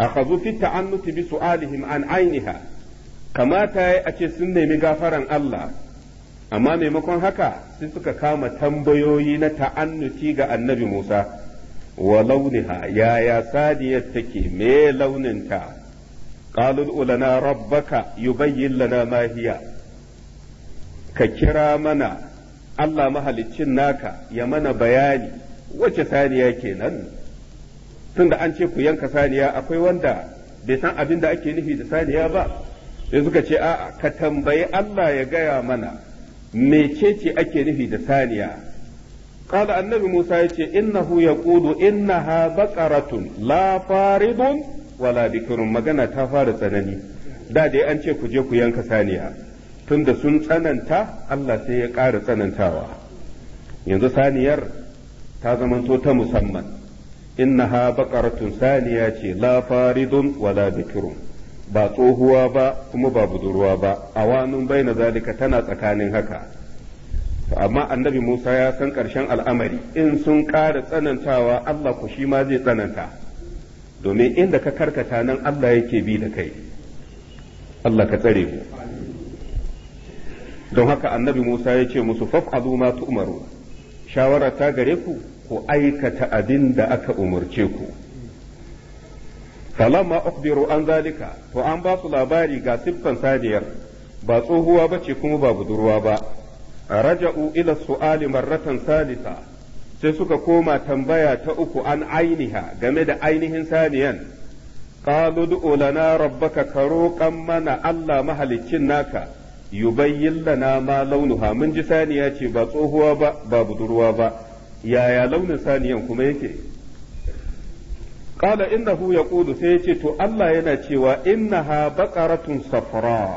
akhadhu fi ta'annut bi su'alihim an ainiha kamata yayi a ce sun nemi gafaran Allah amma maimakon haka sai suka kama tambayoyi na ta'annuti ga annabi Musa wa launiha yaya sadiyar take me launinta qalul ulana rabbaka yubayyin lana ma hiya ka kira mana Allah mahaliccin naka ya mana bayani wace saniya kenan tunda an ce ku yanka saniya akwai wanda bai san abin da ake nufi da saniya ba sai suka ce a'a ka tambayi Allah ya gaya mana me ce ake nufi da saniya qala annabi Musa ya ce innahu yaqulu innaha baqaratun la faridun wala bikrun magana ta fara tsanani da dai an ce ku je ku yanka saniya tunda sun tsananta Allah sai ya ƙara tsanantawa yanzu saniyar ta zamanto ta musamman innaha baqaratun saniya ce la faridun wala bikirun ba tsohuwa ba kuma ba budurwa ba awanun baina zalika tana tsakanin haka amma annabi Musa ya san ƙarshen al'amari in sun ƙara tsanantawa Allah ku shi ma zai tsananta domin inda ka karkata nan Allah yake bi da kai Allah ka tsare mu don haka annabi Musa ya ce musu faf'alu ma tu'maru shawara ta gare ku ku aikata abin da aka umarce ku falamma ukhbiru an zalika to an ba su labari ga siffan sadiyar ba tsohuwa ba kuma ba budurwa ba raja'u ila su'ali marratan salisa sai suka koma tambaya ta uku an ainiha game da ainihin saniyan qalu du'u lana rabbaka karoqan mana Allah mahalicin naka yubayyin lana ma launuha mun ji saniya ce ba tsohuwa ba ba budurwa ba yaya launin saniyan kuma yake qala innahu yaqulu sai yace to Allah yana cewa innaha baqaratun safra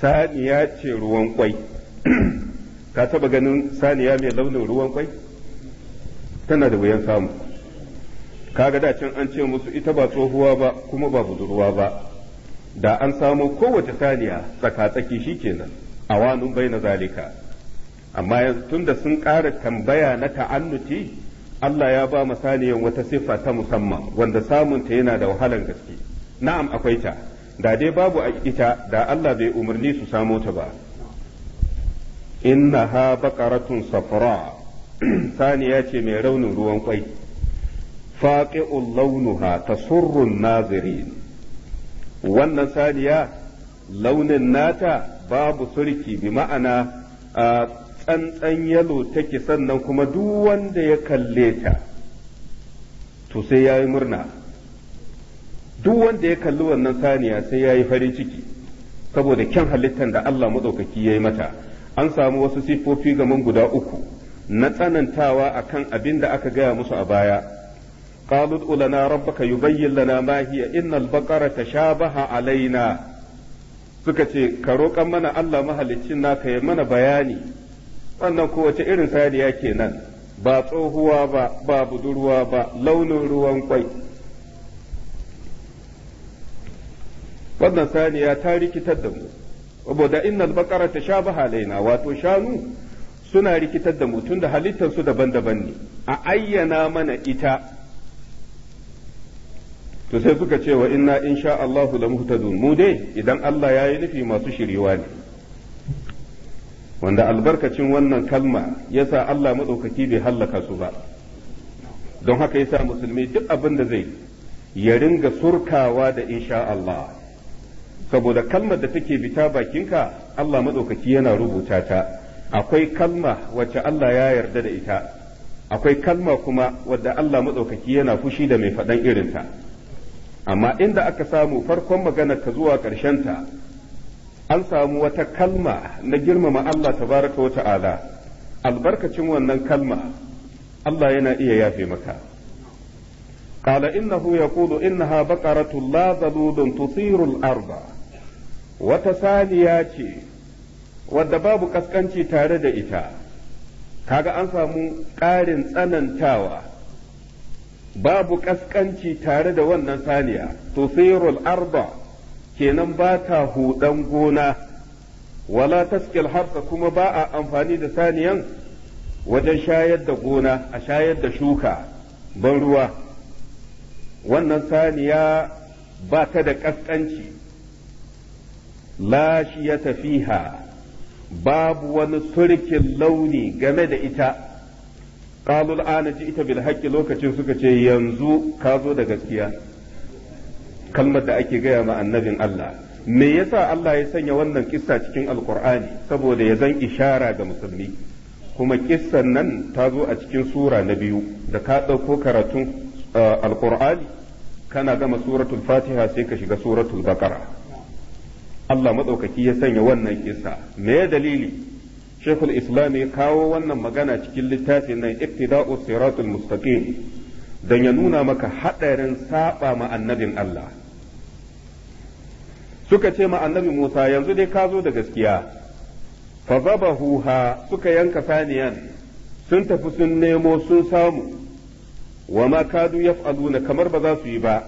saniya ce ruwan kwai ka taba ganin saniya mai launin ruwan kwai tana da wuyan samu kaga da can an ce musu ita ba tsohuwa ba kuma ba budurwa ba da an samo kowace saniya tsaka-tsaki shikenan awanun bai na zalika amma yanzu tun da sun ƙara tambaya na ta'annuti Allah ya ba masaniyan wata siffa ta musamman wanda samunta yana da wahalan gaske na'am akwai ta da dai babu a ita da Allah bai umarni su samo ta ba Inna ha baqaratun safra saniya ce mai raunin ruwan kwai faqi'ul launuha tasurrun nazirin wannan saniya launin nata babu surki bi ma'ana tsantsan yalo take sannan kuma duk wanda ya kalle ta to sai ya yi murna duk wanda ya kalli wannan saniya sai ya yi farin ciki saboda kyan halittar da Allah maɗaukaki ya yi mata an samu wasu siffofi gaman guda uku na tsanantawa a kan abin da aka gaya musu a baya rabba قالوا ادع لنا ربك يبين لنا ما ta sha baha تشابه علينا suka ce ka roƙa mana Allah na ka yi mana bayani wannan kowace irin saniya kenan ba tsohuwa ba ba budurwa ba launin ruwan kwai wannan saniya ta rikitar da mu saboda innal baqara tashabaha halaina, wato shanu suna rikitar da mu tun halittar su daban-daban ne a ayyana mana ita to sai suka ce wa inna insha Allahu lamuhtadun mu dai idan Allah ya yi nufi masu shiriwa ne wanda albarkacin wannan kalma ya sa Allah maɗaukaki bai hallaka su ba don haka ya sa musulmi duk abin da zai ya ringa surkawa da insha Allah saboda kalmar da take bita bakinka Allah maɗaukaki yana rubuta ta akwai kalma wacce Allah ya yarda da ita akwai kalma kuma wadda Allah maɗaukaki yana fushi da mai faɗan irinta amma inda aka samu farkon maganar ta zuwa ta. an samu wata kalma na girmama Allah tabaraka wa ta'ala albarkacin wannan kalma Allah yana iya yafe maka قال إنه يقول إنها بقرة Wata saniya ce, wadda babu والدباب tare da ita, kaga an samu ƙarin tsanantawa babu ƙasƙanci tare da wannan saniya tusirul arba kenan ba ta hudan gona wala taskil harsa kuma ba a amfani da saniyan wajen shayar da gona a shayar da shuka ban ruwa wannan saniya ba ta da ƙasƙanci lashiya tafiha babu wani surkin launi game da ita ƙalul ana ji ita bil haƙƙi lokacin suka ce yanzu ka zo da gaskiya kalmar da ake gaya ma annabin Allah me yasa Allah ya sanya wannan kissa cikin alkur'ani saboda ya zan ishara ga musulmi kuma kissan nan ta zo a cikin sura na biyu da ka ɗauko karatun eh, alkur'ani kana gama suratul fatiha sai ka shiga suratul baqara Allah maɗaukaki ya sanya wannan kissa me dalili shekul islam ya kawo wannan magana cikin littafin nan iktida'u siratul mustaqim dan ya nuna maka haɗarin saba ma annabin Allah suka ce ma annabi Musa yanzu dai ka zo da gaskiya fa ha suka yanka saniyan sun tafi sun nemo sun samu wa ma kadu yaf'aluna kamar ba za su yi ba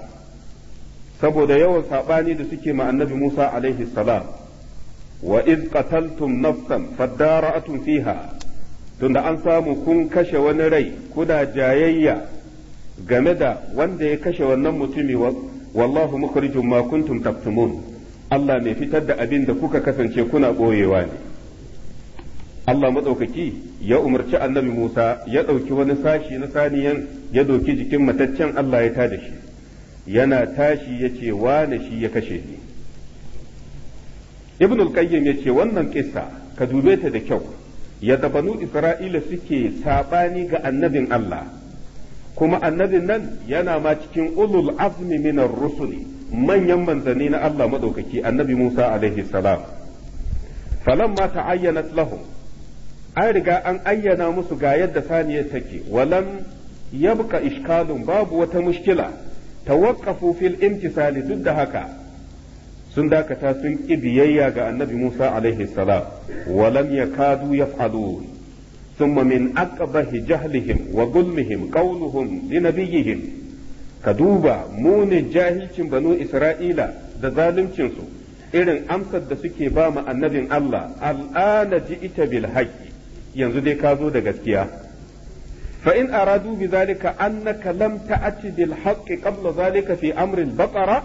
saboda yawan sabani da suke ma annabi Musa alaihi salam wa iz qataltum nafsan fadara'atum fiha tunda an samu kun kashe wani rai kuna jayayya game da wanda ya kashe wannan mutumi wallahu mukhrijum ma kuntum taktumun Allah mai fitar da abin da kuka kasance kuna ɓoyewa ne Allah matsaukaki ya umarci annabi Musa ya ɗauki wani sashi na saniyan ya doki jikin mataccen Allah ya tada shi yana tashi ya ce wane shi ya kashe ni ibn al ya ce wannan ƙisa ka dube ta da kyau yadda banu isra'ila suke saɓani ga annabin Allah kuma annabin nan yana ma cikin ulul azmi minar rusuli manyan manzanni na Allah madaukaki annabi Musa alaihi salam falamma ta'ayyanat lahum an riga an ayyana musu ga yadda saniyar take walam yabka ishkalun babu wata mushkila tawaqqafu fil imtisali duk da haka sun dakata sun ƙi biyayya ga annabi Musa alaihi salam walam yakadu yaf'alun ثم من أقبح جهلهم وظلمهم قولهم لنبيهم ka duba munin jahilcin banu isra'ila da zaluncinsu irin amsar da suke ba mu annabin Allah al'ana ita bil haqqi yanzu dai ka zo da gaskiya fa in aradu bi zalika annaka lam ta'ti bil haqqi qabla zalika fi amri al baqara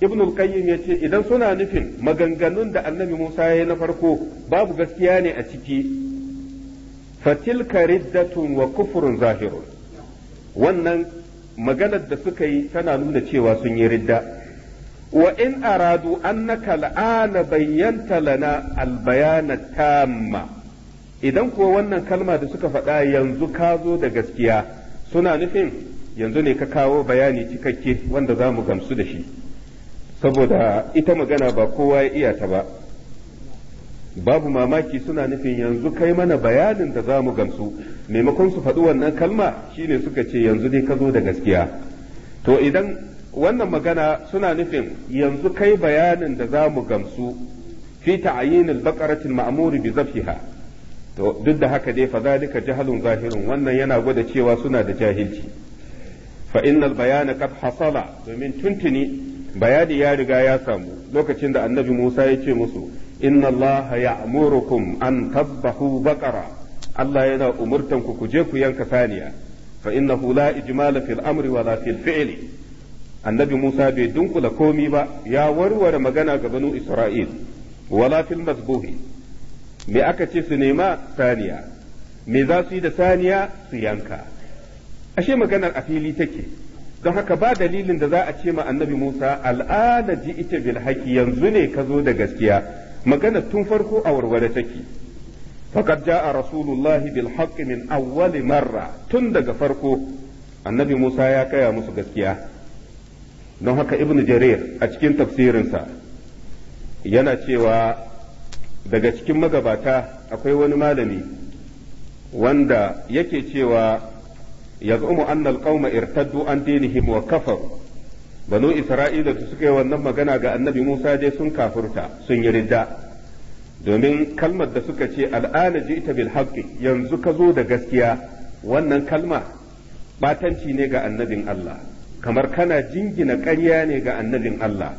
ibn al qayyim yace idan suna nufin maganganun da annabi Musa yayi na farko babu gaskiya ne a ciki fatilka riddatun wa kufrun zahirun wannan maganar da suka yi tana nuna cewa sun yi ridda wa in aradu annaka la'ana bayyanta lana albayana tamma idan kuwa wannan kalma da suka faɗa yanzu ka zo da gaskiya suna nufin yanzu ne ka kawo bayani cikakke wanda za mu gamsu da shi saboda ita magana ba kowa ya iya ta ba babu mamaki suna nufin yanzu kai mana bayanin da za mu gamsu maimakon su faɗi wannan kalma shine suka ce yanzu dai ka zo da gaskiya to idan wannan magana suna nufin yanzu kai bayanin da za mu gamsu fi ta'ayinil baqaratil ma'muri bi zafiha to duk da haka dai fa zalika jahalun zahirin wannan yana gwada cewa suna da jahilci fa innal bayana qad hasala domin tuntuni bayani ya riga ya samu lokacin da annabi Musa ya ce musu inna Allah ya'murukum an tabbahu baqara Allah yana umurtan ku kuje ku yanka saniya fa innahu la ijmala fil amri wa la fil fi'li annabi Musa bai dunkula komi ba ya warware magana ga banu Isra'il wala fil mazbuhi me aka ce su nema saniya me za su yi da saniya su yanka ashe maganar a fili take don haka ba dalilin da za a ce ma annabi Musa al'ada ji ita bil haki yanzu ne ka zo da gaskiya magana tun farko a warware take faqad jaa rasulullahi bil haqq min awwal marra tun daga farko annabi Musa ya kaya musu gaskiya don haka ibn jarir a cikin tafsirinsa yana cewa daga cikin magabata akwai wani malami wanda yake cewa yaz'umu anna al-qauma irtaddu an dinihim wa kafaru banu isra'ila da suka yi wannan magana ga annabi musa dai sun kafurta sun yi ridda domin kalmar da suka ce al'ana ji'ta bil haqqi yanzu ka zo da gaskiya wannan kalma batanci ne ga annabin Allah kamar kana jingina ƙarya ne ga annabin Allah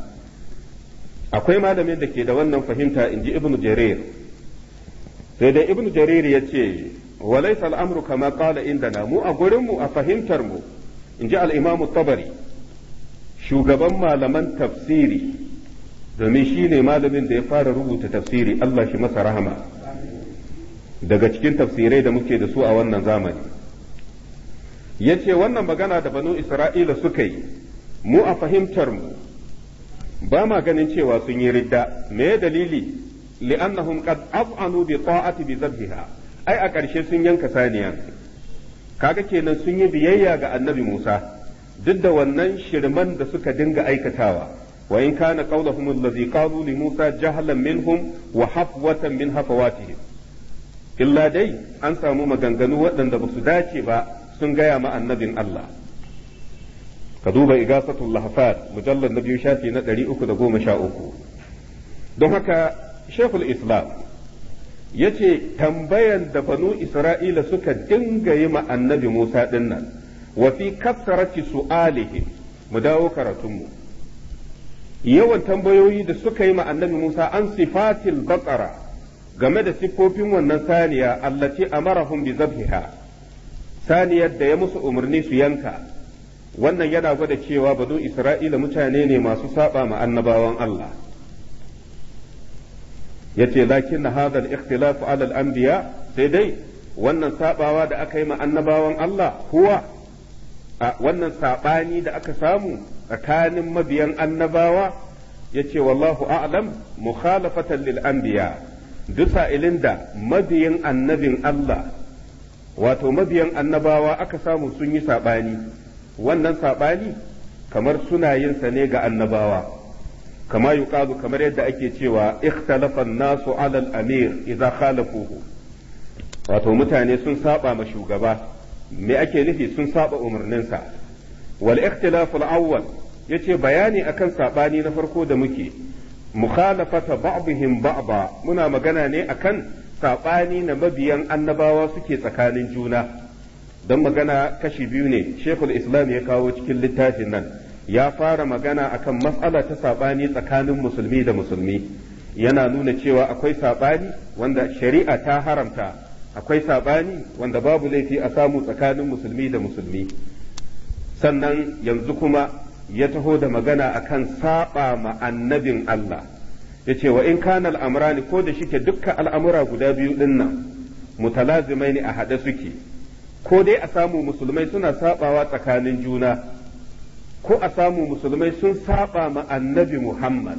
akwai malamin da ke da wannan fahimta inji ibnu jarir sai dai ibnu jarir ya ce walaysa al'amru kama inda indana mu a gurinmu a fahimtar mu inji al-imam tabari shugaban malaman tafsiri domin shi ne malamin da ya fara rubuta tafsiri Allah shi masa rahama daga cikin tafsirai da muke da su a wannan zamani ya ce wannan magana da banu isra'ila suka yi mu a fahimtar mu ba ma ganin cewa sun yi ridda me dalili li'annahum qad af'anu bi ta'ati bi zabhiha ai a ƙarshe sun yanka saniya kaga kenan sun yi biyayya ga annabi Musa duk da wannan shirman da suka dinga aikatawa wa in kana qawluhum allazi qalu li Musa jahlan minhum wa hafwatan min hafawatihim illa dai an samu maganganu waɗanda ba su dace ba sun gaya ma annabin Allah ka duba igasatul lahfat mujallad na biyu shafi na 313 don haka shekul islam ya ce tambayan da banu isra'ila suka dinga yi ma annabi musa dinnan wa fi su Alihi, mu dawo karatunmu yawan tambayoyi da suka yi ma annabi Musa an sifatil baqara game da siffofin wannan saniya allati amarahum bi zabhiha saniyar da ya musu umarni su yanka wannan yana gwada cewa banu Isra'ila mutane ne masu saba ma annabawan Allah yace lakin hadha al-ikhtilaf ala al-anbiya sai dai wannan sabawa da aka yi ma annabawan Allah huwa wannan saɓani da aka samu tsakanin mabiyan annabawa ya ce wallahu a'lam mukhalafatan lil anbiya duk sa'ilin da mabiyan annabin Allah wato mabiyan annabawa aka samu sun yi saɓani wannan saɓani kamar suna yin sa ne ga annabawa kama yuqalu kamar yadda ake cewa ikhtalafa an-nasu 'ala al-amir idza khalafuhu wato mutane sun saba ma shugaba me ake nufi sun saba umarninsa wal ikhtilaful awwal yace bayani akan sabani na farko da muke mukhalafata ba'dihim ba'da muna magana ne akan sabani na mabiyan annabawa suke tsakanin juna don magana kashi biyu ne shekul islam ya kawo cikin littafin nan ya fara magana akan matsala ta sabani tsakanin musulmi da musulmi yana nuna cewa akwai sabani wanda shari'a ta haramta akwai saɓani wanda babu laifi a samu tsakanin musulmi da musulmi sannan yanzu kuma ya taho da magana akan saɓa ma annabin Allah ya ce wa in kana al'amurani ko da shike dukka al'amura guda biyu din nan mutalazimai ne a haɗe suke ko dai a samu musulmai suna saɓawa tsakanin juna ko a samu musulmai sun saɓa ma annabi Muhammad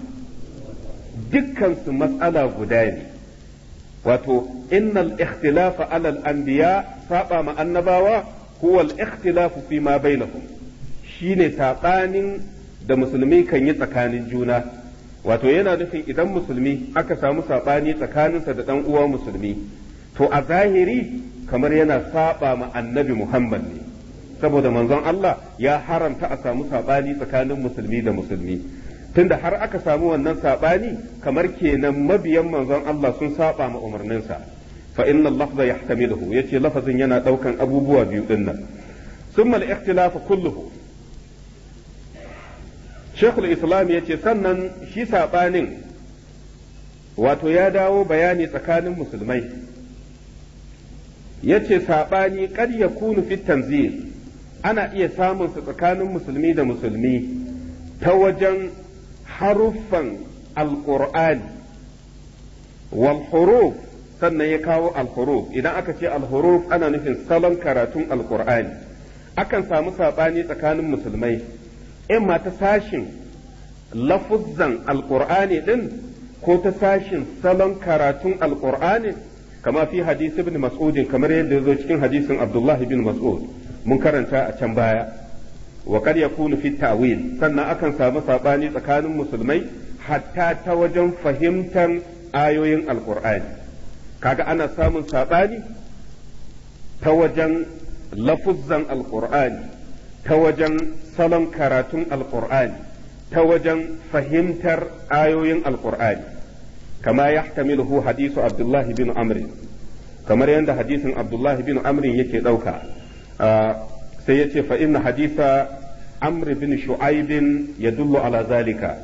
dukkansu matsala guda ne wato innal ikhtilafa alal anbiya saba ma annabawa huwa al ikhtilafu fi ma bainahum shine sabanin da musulmi kan yi tsakanin juna wato yana nufin idan musulmi aka samu sabani tsakaninsa da dan uwa musulmi to a zahiri kamar yana saba ma annabi Muhammad ne saboda manzon Allah ya haramta a samu sabani tsakanin musulmi da musulmi tunda har aka samu wannan sabani kamar kenan mabiyan manzon Allah sun saba ma umarninsa fa inna lafza yahtamiluhu yace lafazin yana daukan abubuwa biyu dinnan summa al kullu kulluhu Sheikh islam yace sannan shi sabanin wato ya dawo bayani tsakanin musulmai yace saɓani kar kunu tanzil ana iya samun sa tsakanin musulmi da musulmi ta wajen haruffan alqur'ani wal huruf sannan ya kawo al idan aka ce al ana nufin salon karatun alqur'ani akan samu saɓani tsakanin musulmai in ma ta sashin lafuzzan alqur'ani din ko ta sashin salon karatun alqur'ani kamar fi hadisi ibn mas'ud kamar yadda ya zo cikin hadisin abdullah ibn mas'ud mun karanta a can baya wa ya yakunu fi ta'wil sannan akan samu saɓani tsakanin musulmai hatta ta wajen fahimtar ayoyin alqur'ani kaga ana samun saɓani ta wajen lafuzzan alqur'ani ta wajen salon karatun alqur'ani ta wajen fahimtar ayoyin alqur'ani kama yahtamiluhu hadisu abdullahi bin amr kamar yadda hadisin abdullahi bin Amri yake dauka ah, sai yace fa inna haditha amr bin ya dullo ala zalika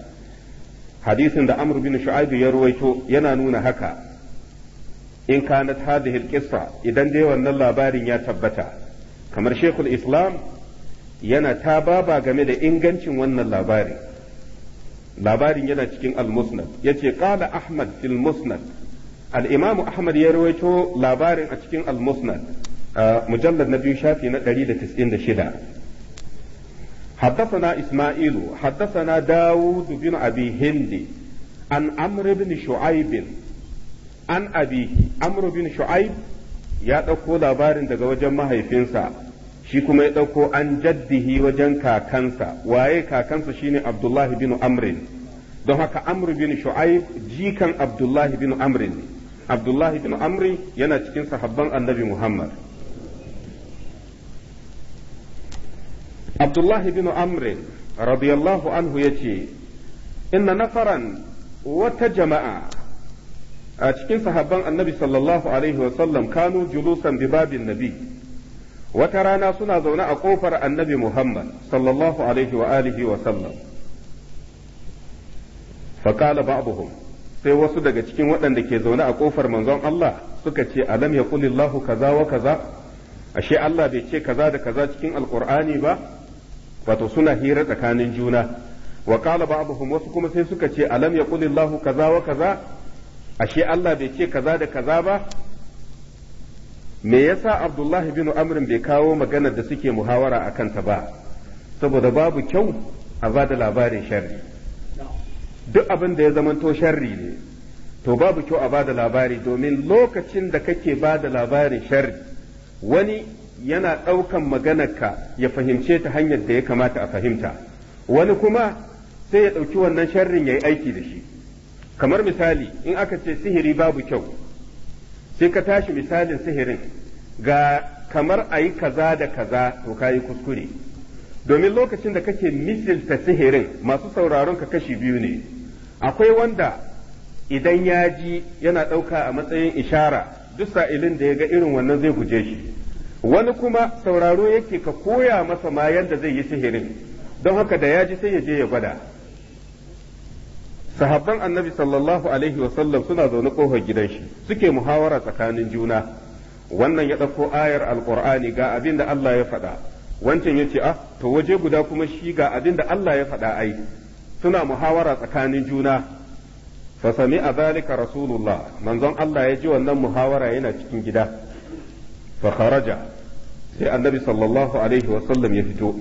hadisin da amr bin shu'aib ya ruwaito yana nuna haka in kanat hadhihi alqissa idan dai wannan labarin ya tabbata kamar shekul islam yana ta baba game da ingancin wannan labarin labarin yana cikin al-musnad ce qala ahmad fil musnad al imamu ahmad ya rawaito labarin a cikin al-musnad a mujallar na biyu shafi na 196 حدثنا إسماعيل حدثنا داود بن أبي هند عن عمرو بن شعيب عن أبيه عمرو بن شعيب ya ɗauko labarin daga wajen mahaifinsa shi kuma ya ɗauko an jaddihi wajen kakansa waye kakansa shine abdullahi bin amrin don haka amr bin shu'aib jikan abdullahi bin amrin abdullahi bin amri yana cikin sahabban annabi muhammad abdullahi bin amrin radiyallahu anhu ya ce inna nafaran wata jama'a a cikin sahabban annabi sallallahu alaihi wasallam kanu julusan bibabin nabi wata rana suna zaune a ƙofar annabi muhammad sallallahu alaihi wa alihi wasallam faƙala ba'duhum sai wasu daga cikin waɗanda ke zaune a ƙofar manzon Allah suka ce alam ya kulillahu kaza wa kaza ashe Allah bai ce kaza da kaza cikin alƙur'ani ba wato suna hira tsakanin juna wa qala wasu kuma sai suka ce alam yaqulillahu kaza wa kaza ashe Allah bai ce kaza da kaza ba me yasa Abdullahi bin Amr bai kawo maganar da suke muhawara a kanta ba saboda babu kyau a ba da labarin sharri duk abin da ya zamanto sharri ne to babu kyau a ba da labari domin lokacin da kake ba da labarin sharri wani yana ɗaukan maganarka ya fahimce ta hanyar da ya kamata a fahimta wani kuma sai ya ɗauki wannan sharrin ya yi aiki da shi kamar misali in aka ce sihiri babu kyau sai ka tashi misalin sihirin ga kamar a yi kaza da kaza to ka yi kuskure domin lokacin da kake misilta sihirin masu sauraron ka kashi biyu ne akwai wanda idan ya ji yana ɗauka a matsayin ishara duk sa'ilin da ya ga irin wannan zai guje shi wani kuma sauraro yake ka koya masa ma yadda zai yi sihirin don haka da ya ji sai ya je ya gwada sahabban annabi sallallahu alaihi wasallam suna zaune kofar gidan shi suke muhawara tsakanin juna wannan ya ɗauko ayar alkur'ani ga abin da Allah ya faɗa wancan ya ce ah to waje guda kuma shi ga abinda Allah ya faɗa ai suna muhawara tsakanin juna fa sami a zalika rasulullah manzon Allah ya ji wannan muhawara yana cikin gida fa kharaja sai annabi sallallahu alaihi wasallam ya fito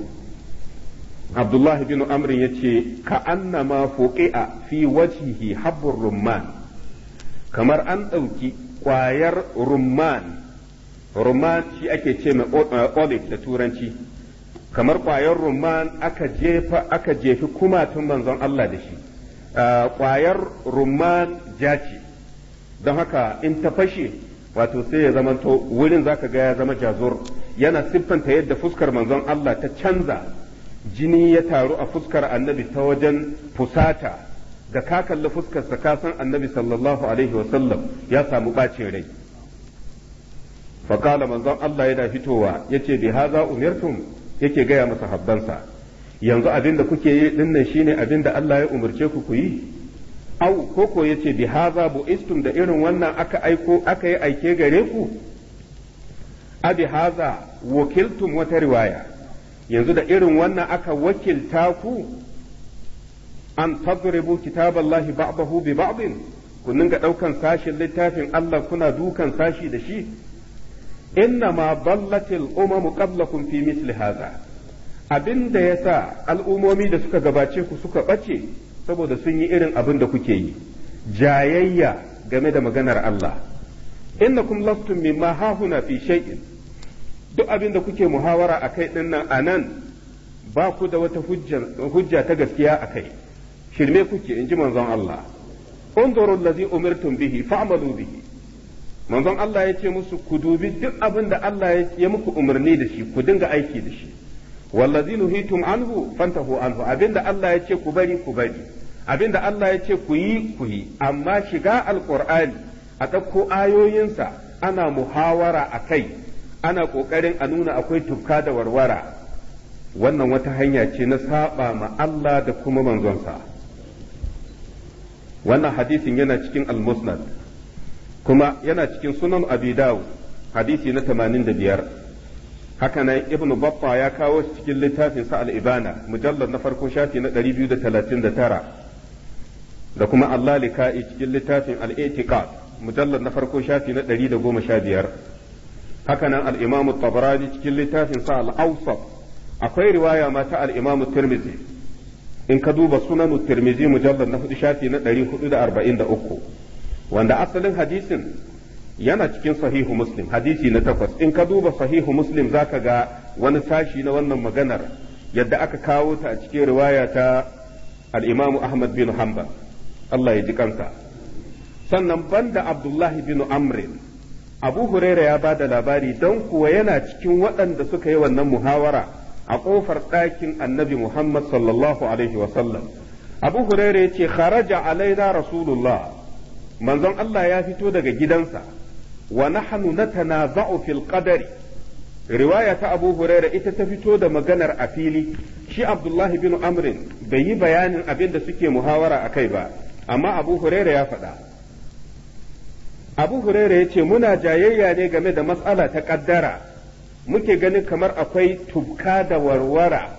abdullahi bin amr ya ce ka annama fuqi'a fi wajhihi habbur kamar an ɗauki ƙwayar rumman rumman shi ake ce mai olive da turanci kamar ƙwayar rumman aka jefa aka jefi kumatun manzon Allah da shi ƙwayar rumman ce don haka in ta fashe wato sai ya zama to wurin zaka ga ya zama jazur yana siffanta yadda fuskar manzon Allah ta canza jini ya taru a fuskar annabi ta wajen fusata da ka kalli sa ka san annabi sallallahu alaihi wa sallam ya samu bacin rai kala manzon Allah yana fitowa ya ce bi haza umirtum yake gaya masa habbansa yanzu abinda kuke yi dinnan shine abinda Allah ya umarce ku ku yi au ko ko yace bihaza hadha bu'istum da irin wannan aka aiko aka yi aike gare ku A bihaza wakiltum wata riwaya yanzu da irin wannan aka wakilta ku an tadribu kitaballahi ba'dahu bi ba'din ku dinga daukan sashin littafin Allah kuna dukan sashi da shi inna ma ballatil umamu qablakum fi misli hadha abinda yasa al'umomi da suka gabace ku suka bace saboda sun yi irin abin da kuke yi jayayya game da maganar Allah kum lastum mimma hahuna fi shay'in duk abin da kuke muhawara akai din nan anan ba ku da wata hujja ta gaskiya akai shirme kuke in ji manzon Allah unzuru allazi umirtum bihi fa'malu bihi manzon Allah ya ce musu ku dubi duk abin da Allah ya muku umarni da shi ku dinga aiki da shi wallazi nuhitum anhu fantahu anhu abinda Allah ya ku bari ku bari abinda Allah ya ce ku yi ku yi amma shiga alqur'ani a dauko ayoyinsa ana muhawara a kai ana ƙoƙarin a nuna akwai tufka da warwara wannan wata hanya ce na saba ma Allah da kuma manzonsa wannan hadisin yana cikin al-musnad kuma yana cikin sunan abi dawud hadisi na 85 haka nan ibnu baffa ya kawo shi cikin littafin sa al-ibana mujallad na farko shafi na 239 da kuma Allah lika'i cikin littafin al-i'tiqad mujallad na farko shafi na 115 haka nan al-imam at-tabarani cikin littafin sa al-awsat akwai riwaya ma ta al-imam at-tirmidhi in ka duba sunan at-tirmidhi mujallad na 4 shafi na 443 wanda asalin hadisin yana cikin sahihu muslim hadisi na takwas in ka duba sahihu muslim ka ga wani sashi na wannan maganar yadda aka kawo ta a cikin riwaya ta al ahmad bin hanbal Allah ya ji kansa sannan banda abdullahi bin amrin abu huraira ya ba da labari don kuwa yana cikin waɗanda suka yi wannan muhawara a ƙofar ɗakin annabi muhammad sallallahu alaihi wasallam abu huraira ya ce kharaja alaina rasulullah manzon Allah ya fito daga gidansa wa nahnu natanaza'u fil qadari riwaya ta Abu Huraira ita ta fito da maganar a fili shi Abdullahi bin Amrin bai yi bayanin abin da suke muhawara a kai ba amma Abu Huraira ya faɗa Abu Huraira ya ce muna jayayya ne game da matsala ta ƙaddara muke ganin kamar akwai tubka da warwara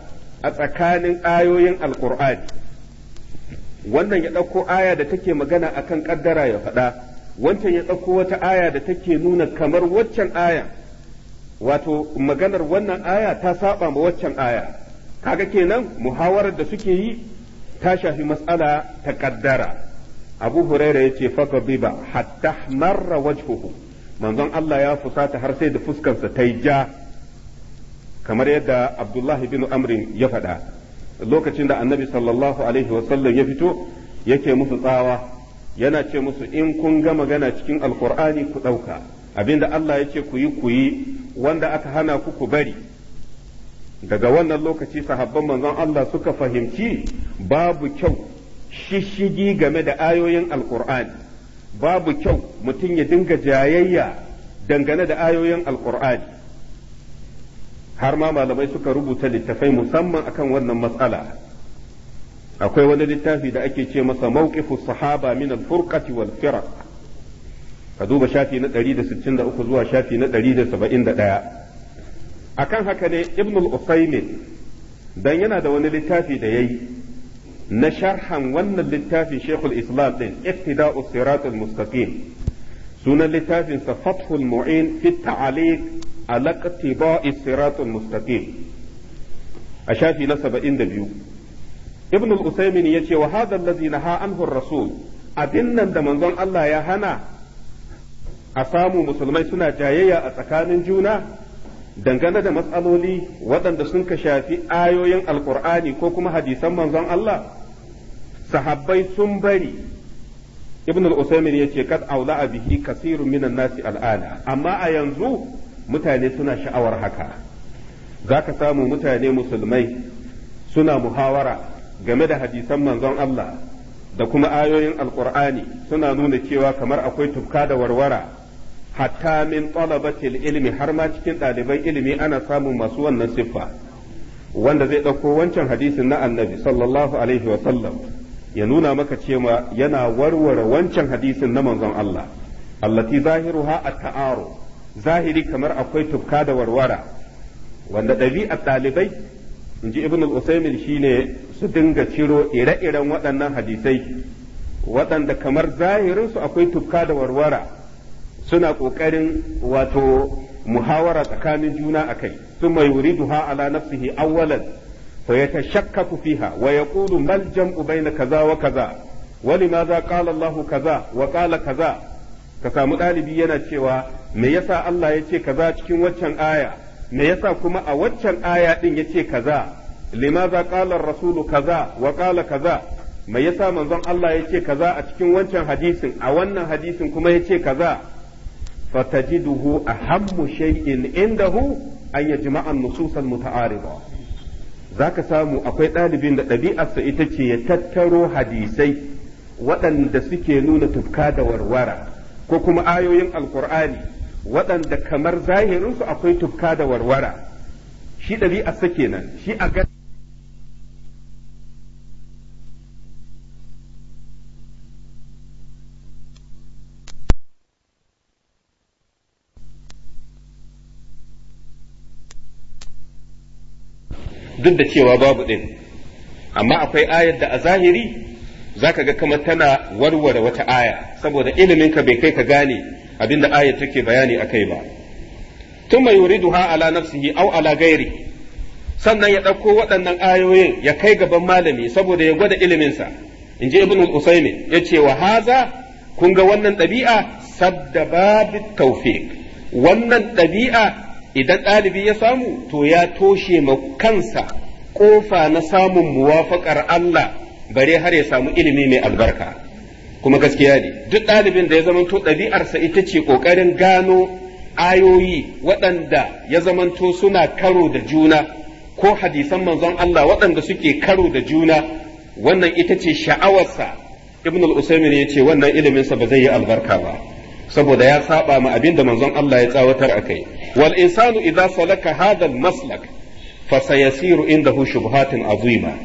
a tsakanin ayoyin alkur'ani wannan ya ɗauko aya da take magana akan ƙaddara ya faɗa wancan ya ɗauko wata aya da take nuna kamar waccan aya wato maganar wannan aya ta saba ma waccan aya kaga kenan muhawarar da suke yi ta shafi matsala ta kaddara abu huraira yace faka biba hatta marra wajhuhu manzon Allah ya fusata har sai da fuskarsa ta yi ja kamar yadda abdullahi bin amrin ya faɗa lokacin da annabi sallallahu alaihi wasallam ya fito yake musu tsawa yana ce musu in kun ga magana cikin alkur'ani ku ɗauka abinda Allah ya ce ku yi ku yi wanda aka hana ku ku bari daga wannan lokaci sahabban manzon Allah suka fahimci babu kyau shishigi game da ayoyin alkur'ani babu kyau mutum ya dinga jayayya dangane da ayoyin alkur'ani har ma malamai suka rubuta littafai musamman akan wannan matsala akwai wani littafi da ake ce masa mawqifu sahaba min al-furqati wal firaq ka duba shafi na 163 zuwa shafi na 171 akan haka ne ibn al-usaymin dan yana da wani littafi da yayi na sharhan wannan littafin shekul islam din iftida'us siratul mustaqim sunan littafin sa fathul mu'in fi ta'aliq ala iqtida'is siratul mustaqim a shafi na 72 ibn al-usaymin yace wa hadha allazi naha anhu rasul abin nan da manzon Allah ya hana a samu musulmai suna jayayya a tsakanin juna dangane da matsaloli waɗanda sun ka shafi ayoyin alkur'ani ko kuma hadisan manzon Allah sahabbai sun bari ibn al-usaymin yace kad aula bihi kasirun mina nasi al'ada amma a yanzu mutane suna sha'awar haka zaka samu mutane musulmai suna muhawara game da hadisan manzon Allah da kuma ayoyin alkur'ani suna nuna cewa kamar akwai tufka da warwara hatta min talabatil ilmi har ma cikin ɗaliban ilimi ana samun masu wannan siffa wanda zai ɗauko wancan hadisin na annabi sallallahu alaihi wa sallam ya nuna maka cewa yana warware wancan hadisin na manzon Allah allati zahiruha at-ta'aru zahiri kamar akwai tufka da warwara wanda ɗabi'ar ɗalibai in ji ibn al-usaymin shine su dinga ciro ire-iren waɗannan hadisai waɗanda kamar zahirinsu akwai tufka da warwara suna ƙoƙarin wato muhawara tsakanin juna a kai sun mai yuriduha ala nafsihi awwalan fa yatashakkaku fiha wa yaqulu mal jam'u bayna kaza wa kaza wa limadha qala Allah kaza wa qala kaza ka samu dalibi yana cewa me yasa Allah ya ce kaza cikin waccan aya me yasa kuma a waccan aya din yace kaza limaza qala rasulu kaza wa qala kaza me yasa manzon Allah yace kaza a cikin wancan hadisin a wannan hadisin kuma yace kaza fatajiduhu ahammu shay'in indahu an yajma'a an-nusus al-muta'arida zaka samu akwai ɗalibin da ɗabi'arsa ita ce ya tattaro hadisai waɗanda suke nuna tufka da warwara ko kuma ayoyin alkur'ani waɗanda kamar zahirinsu akwai tufka da warwara shi sake nan shi a gani duk da cewa babu ɗin amma akwai ayar da a zahiri zaka ga kamar tana warware wata aya saboda ilimin ka bai kai ka gane abinda ayat take bayani akai ba Tun mai yuridu ha ala nafsihi aw ala ghairi sannan ya ɗauko waɗannan ayoyin ya kai gaban malami saboda ya gwada iliminsa in ji ibn usaimin ya ce wa haza kun ga wannan ɗabi'a sadda babu taufiq wannan ɗabi'a idan ɗalibi ya samu to ya toshe ma kansa ƙofa na samun muwafaƙar Allah bare har ya samu ilimi mai albarka kuma gaskiya ne duk ɗalibin da ya zamanto ɗabi'arsa ita ce ƙoƙarin gano ayoyi waɗanda ya zamanto suna karo da juna ko hadisan manzon Allah waɗanda suke karo da juna wannan ita ce sha'awarsa ibn al-usaymin ya ce wannan ilimin sa ba zai yi albarka ba saboda ya saba ma abin da manzon Allah ya tsawatar akai wal insanu idza salaka hadha al-maslak fa sayasiru indahu shubuhatin azima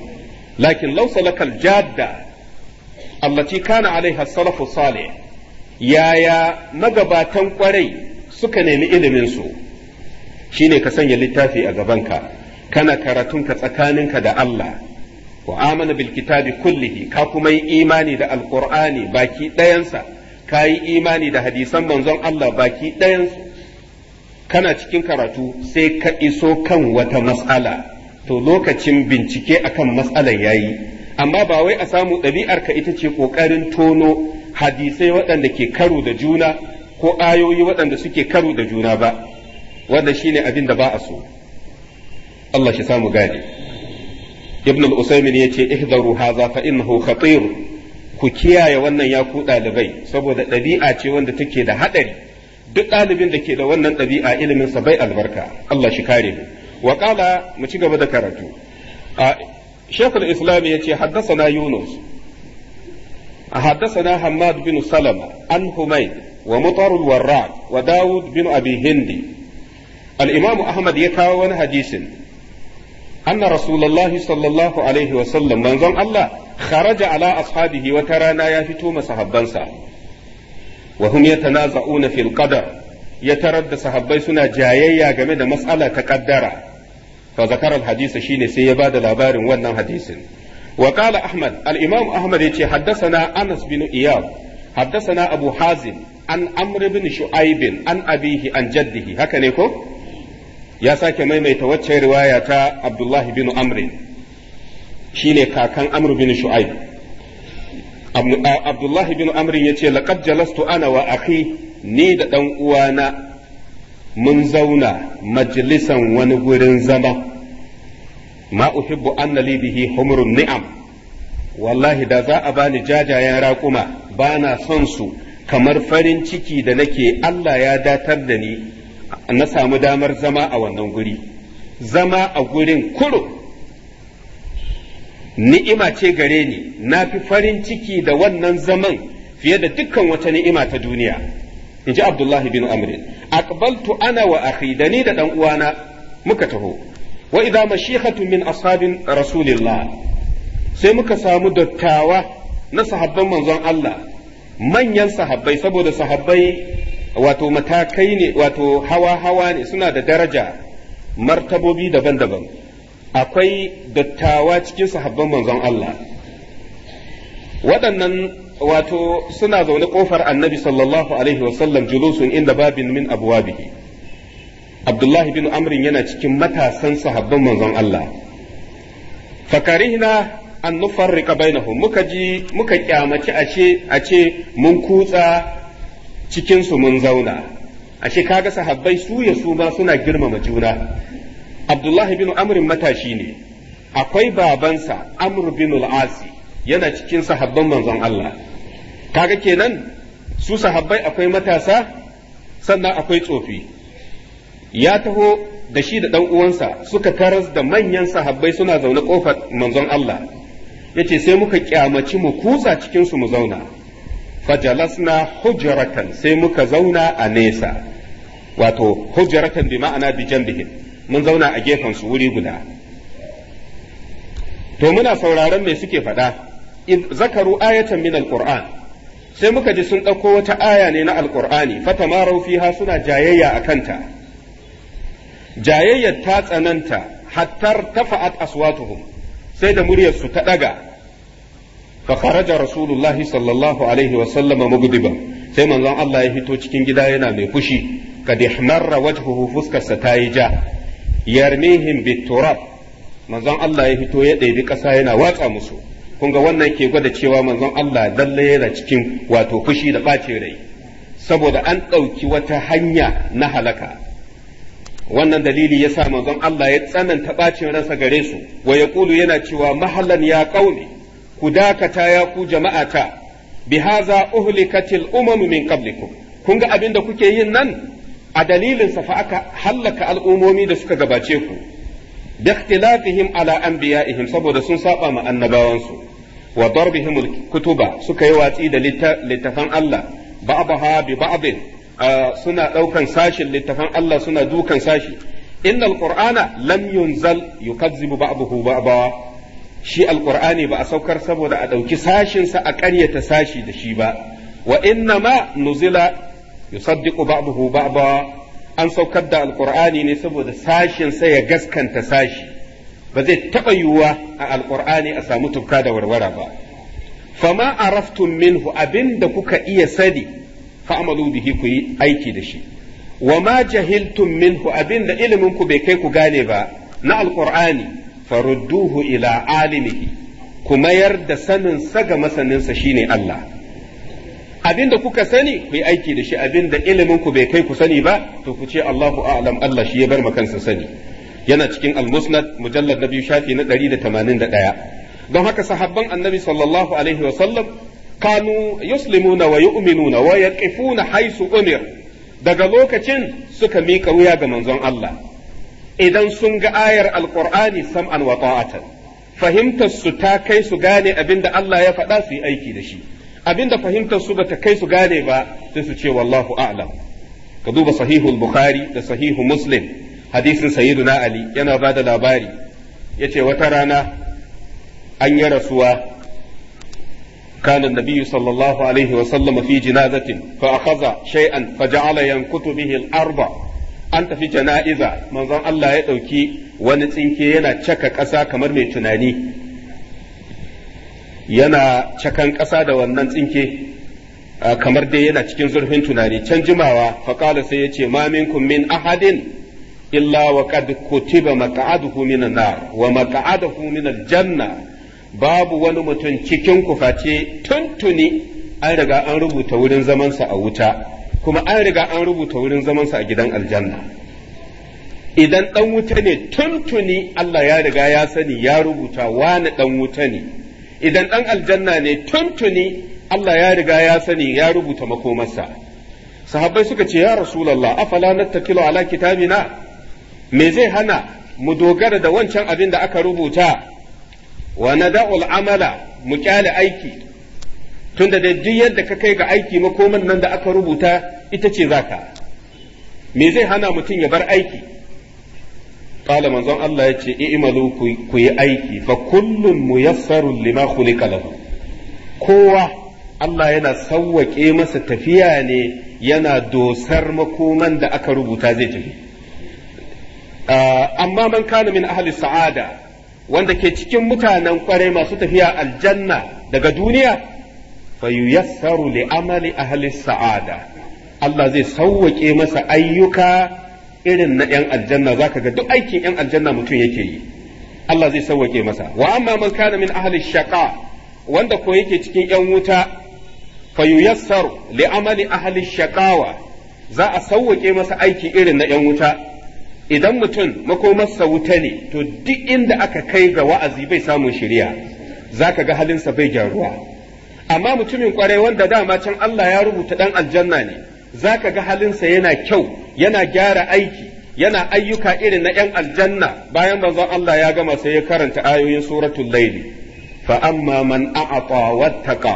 lakin law salaka al-jadda allati kana alaiha salafu salih yaya magabatan kwarai suka nemi ilimin su shine ka sanya littafi a gabanka kana karatunka tsakaninka da Allah wa amana bil kitabi kullihi ka kuma yi imani da alqur'ani baki ɗayansa ka yi imani da hadisan manzon Allah baki ɗayansu kana cikin karatu sai ka iso kan wata mas'ala to lokacin bincike akan mas'alan yayi amma ba wai a samu ɗabi'arka ita ce ƙoƙarin tono hadisai waɗanda ke karo da juna ko ayoyi waɗanda suke karo da juna ba wanda ne abin da ba a so Allah shi samu gane ibn al-usaymin yace ihdaru hadha fa innahu khatir ku kiyaye wannan ya ku ɗalibai saboda ɗabi'a ce wanda take da haɗari duk ɗalibin da ke da wannan ɗabi'a ilimin sa bai albarka Allah shi kare mu wa qala mu ci gaba da karatu shekul islam ya ce haddasa yunus حدثنا حماد بن سلمة عن حميد ومطر الوراق وداود بن أبي هندي الإمام أحمد يكاون حديث أن رسول الله صلى الله عليه وسلم منظم الله خرج على أصحابه وترانا يفتوم صحبانسا وهم يتنازعون في القدر يترد صحبي سنا جايا جمد مسألة تقدرة fa zakara shine sai ya ba da labarin wannan hadisin wa qala ahmad al imam ahmad yace haddathana anas bin iyab haddathana abu hazim an amr bin shu'aib an abihi an jaddihi haka ne ko ya sake maimaita wacce riwaya ta abdullahi bin amr shine kakan amr bin shu'aib abdullahi bin amr yace laqad jalastu ana wa akhi ni da dan uwana mun zauna majalisan wani gurin zama ma uhibbu anna li bihi humrun ni'am wallahi da za a bani jajayen raƙuma ba na son su kamar farin ciki da nake Allah ya datar da ni na samu damar zama a wannan guri zama a gurin kuro ni'ima ce gare ni na fi farin ciki da wannan zaman fiye da dukkan wata ni'ima ta duniya in ji abdullahi bin amrin aqbaltu ana wa akhi da ni da dan uwana muka taho wa idza mashikhatu min ashabin rasulillah sai muka samu dattawa na sahabban manzon Allah manyan sahabbai saboda sahabbai wato matakai ne wato hawa hawa ne suna da daraja martabobi daban-daban akwai dattawa cikin sahabban manzon Allah waɗannan wato suna zaune kofar annabi sallallahu alaihi wasallam julusun inda babin min abwabihi abdullahi bin amrin yana cikin matasan sahabban manzon Allah fakarihna an nufarrika bainahum muka ji muka kyamaci ashe a ce mun kutsa cikin su mun zauna ashe kaga sahabbai su ya su ma suna girmama juna abdullahi bin amrin matashi ne akwai babansa amr bin al-asi yana cikin sahabban manzon Allah kaga kenan su sahabbai akwai matasa sannan akwai tsofi ya taho da shi da ɗan uwansa suka karas da manyan sahabbai suna zaune kofar manzon Allah yace sai muka kyamaci mu kutsa cikin su mu zauna fajalasna hujratan sai muka zauna a nesa wato hujratan bi ma'ana bi janbihim mun zauna a gefen su wuri guda to muna sauraron me suke faɗa zakaru ayatan min alquran sai muka ji sun ɗauko wata aya ne na Fata fatamarau fiha suna jayayya a kanta jayayyar ta tsananta hattar tafa'at aswatuhum sai da muryarsu ta ɗaga fa kharaja rasulullahi sallallahu alaihi wa sallama sai manzon Allah ya fito cikin gida yana mai fushi kad ihmarra wajhuhu fuskarsa ta yi ja yarmihim biturab manzon Allah ya fito ya ɗebi ƙasa yana watsa musu kun ga wannan ke gwada cewa manzon Allah lalle yana cikin wato fushi da ɓace rai saboda an ɗauki wata hanya na halaka wannan dalili yasa manzon Allah ya tsananta ɓacin ransa gare su wa Kulu yana cewa mahallan ya qauli ku dakata ya ku jama'ata bihaza uhlikatil umam min qablikum kun ga abin da kuke yin nan a dalilin sa fa aka hallaka al'umomi da suka gabace ku bi ikhtilafihim ala anbiya'ihim saboda sun saɓa ma annabawansu wa darbihim kutuba suka yi watsi da littafan Allah ba'daha bi ba'din suna ɗaukan sashin littafan Allah suna dukan sashi innal qur'ana lam yunzal yukazzibu ba'dahu ba'da shi alqur'ani ba a saukar saboda a ɗauki sashin a karyata sashi da shi ba wa inna ma nuzila yusaddiqu ba'dahu ba'da an saukar da alkur'ani ne saboda sashin sai ya gaskanta sashi ba zai taɓa yiwuwa a alkur'ani a samu tufka da warwara ba fama araftum minhu abin da kuka iya sani fa'amalu bihi ku yi aiki da shi wa ma jahiltum minhu abin da ilimin ku bai kai ku gane ba na alkur'ani farudduhu ila alimihi ku mayar da sanin sa ga masaninsa shine Allah abin da kuka sani ku yi aiki da shi abin da ilimin ku bai kai ku sani ba to ku ce Allahu a'lam Allah shi ya bar ma kansa sani yana cikin al-musnad mujallad na biyu shafi na 181 don haka sahabban annabi sallallahu alaihi wa sallam kanu yuslimuna wa yu'minuna wa yaqifuna haisu umir daga lokacin suka mika wuya ga manzon Allah idan sun ga ayar alqur'ani sam'an wa ta'atan fahimtar su ta kai su gane abin da Allah ya faɗa su yi aiki da shi abinda fahimtar su bata kai su gane ba sai su ce wallahu a'lam ka duba sahihul bukhari da sahihu muslim hadisin sayyiduna ali yana ba da labari yace wata rana an yi rasuwa كان النبي صلى الله عليه وسلم في جنازة فأخذ شيئا فجعل ينكت به الأرض أنت في جنائزة من ظن الله يدوكي ونتنكي ينا تشكك أسا كمر تناني yana cakan ƙasa da wannan tsinke kamar dai yana cikin zurfin tunani can jimawa faƙala sai ya ce ma min ahadin illa wa qad kutiba maq'aduhu min nar wa maq'aduhu min janna. babu wani mutum cikin ku face tuntuni an riga an rubuta wurin zamansa a wuta kuma an riga an rubuta wurin zamansa a gidan aljanna idan dan wuta ne tuntuni Allah ya riga ya sani ya rubuta wani dan wuta ne idan ɗan aljanna ne tuntuni Allah ya riga ya sani ya rubuta makomarsa sahabbai suka ce ya rasulallah afala nattakilu ala kitabina me zai hana mu dogara da wancan abin da aka rubuta wa nada'ul amala mu kyale aiki tunda da duk yadda ka kai ga aiki makoman nan da aka rubuta ita ce zaka me zai hana mutum ya bar aiki kala manzon Allah ya ce i'malu ku yi aiki fa kullun muyassaru lima khuliqa lahu kowa Allah yana sawwake masa tafiya ne yana dosar makoman da aka rubuta zai tafi amma man kana min ahli sa'ada wanda ke cikin mutanen kwarai masu tafiya aljanna daga duniya fa yuyassaru li amali ahli sa'ada Allah zai sawwake masa ayyuka irin na ‘yan aljanna za ka ga duk aikin ‘yan aljanna mutum yake yi Allah zai sauwake masa wa amma man kana min ahli shaqa wanda ko yake cikin ‘yan wuta fa yuyassar li amali ahli shaqawa za a sauwake masa aiki irin na ‘yan wuta idan mutum makomarsa wuta ne to duk inda aka kai ga wa'azi bai samun shiriya za ka ga halinsa bai gyaruwa amma mutumin kwarai wanda dama can Allah ya rubuta dan aljanna ne za ka ga halinsa yana kyau yana gyara aiki yana ayyuka irin na 'yan aljanna bayan manzon Allah ya gama sai ya karanta ayoyin suratul laili fa amma man a'ata wattaqa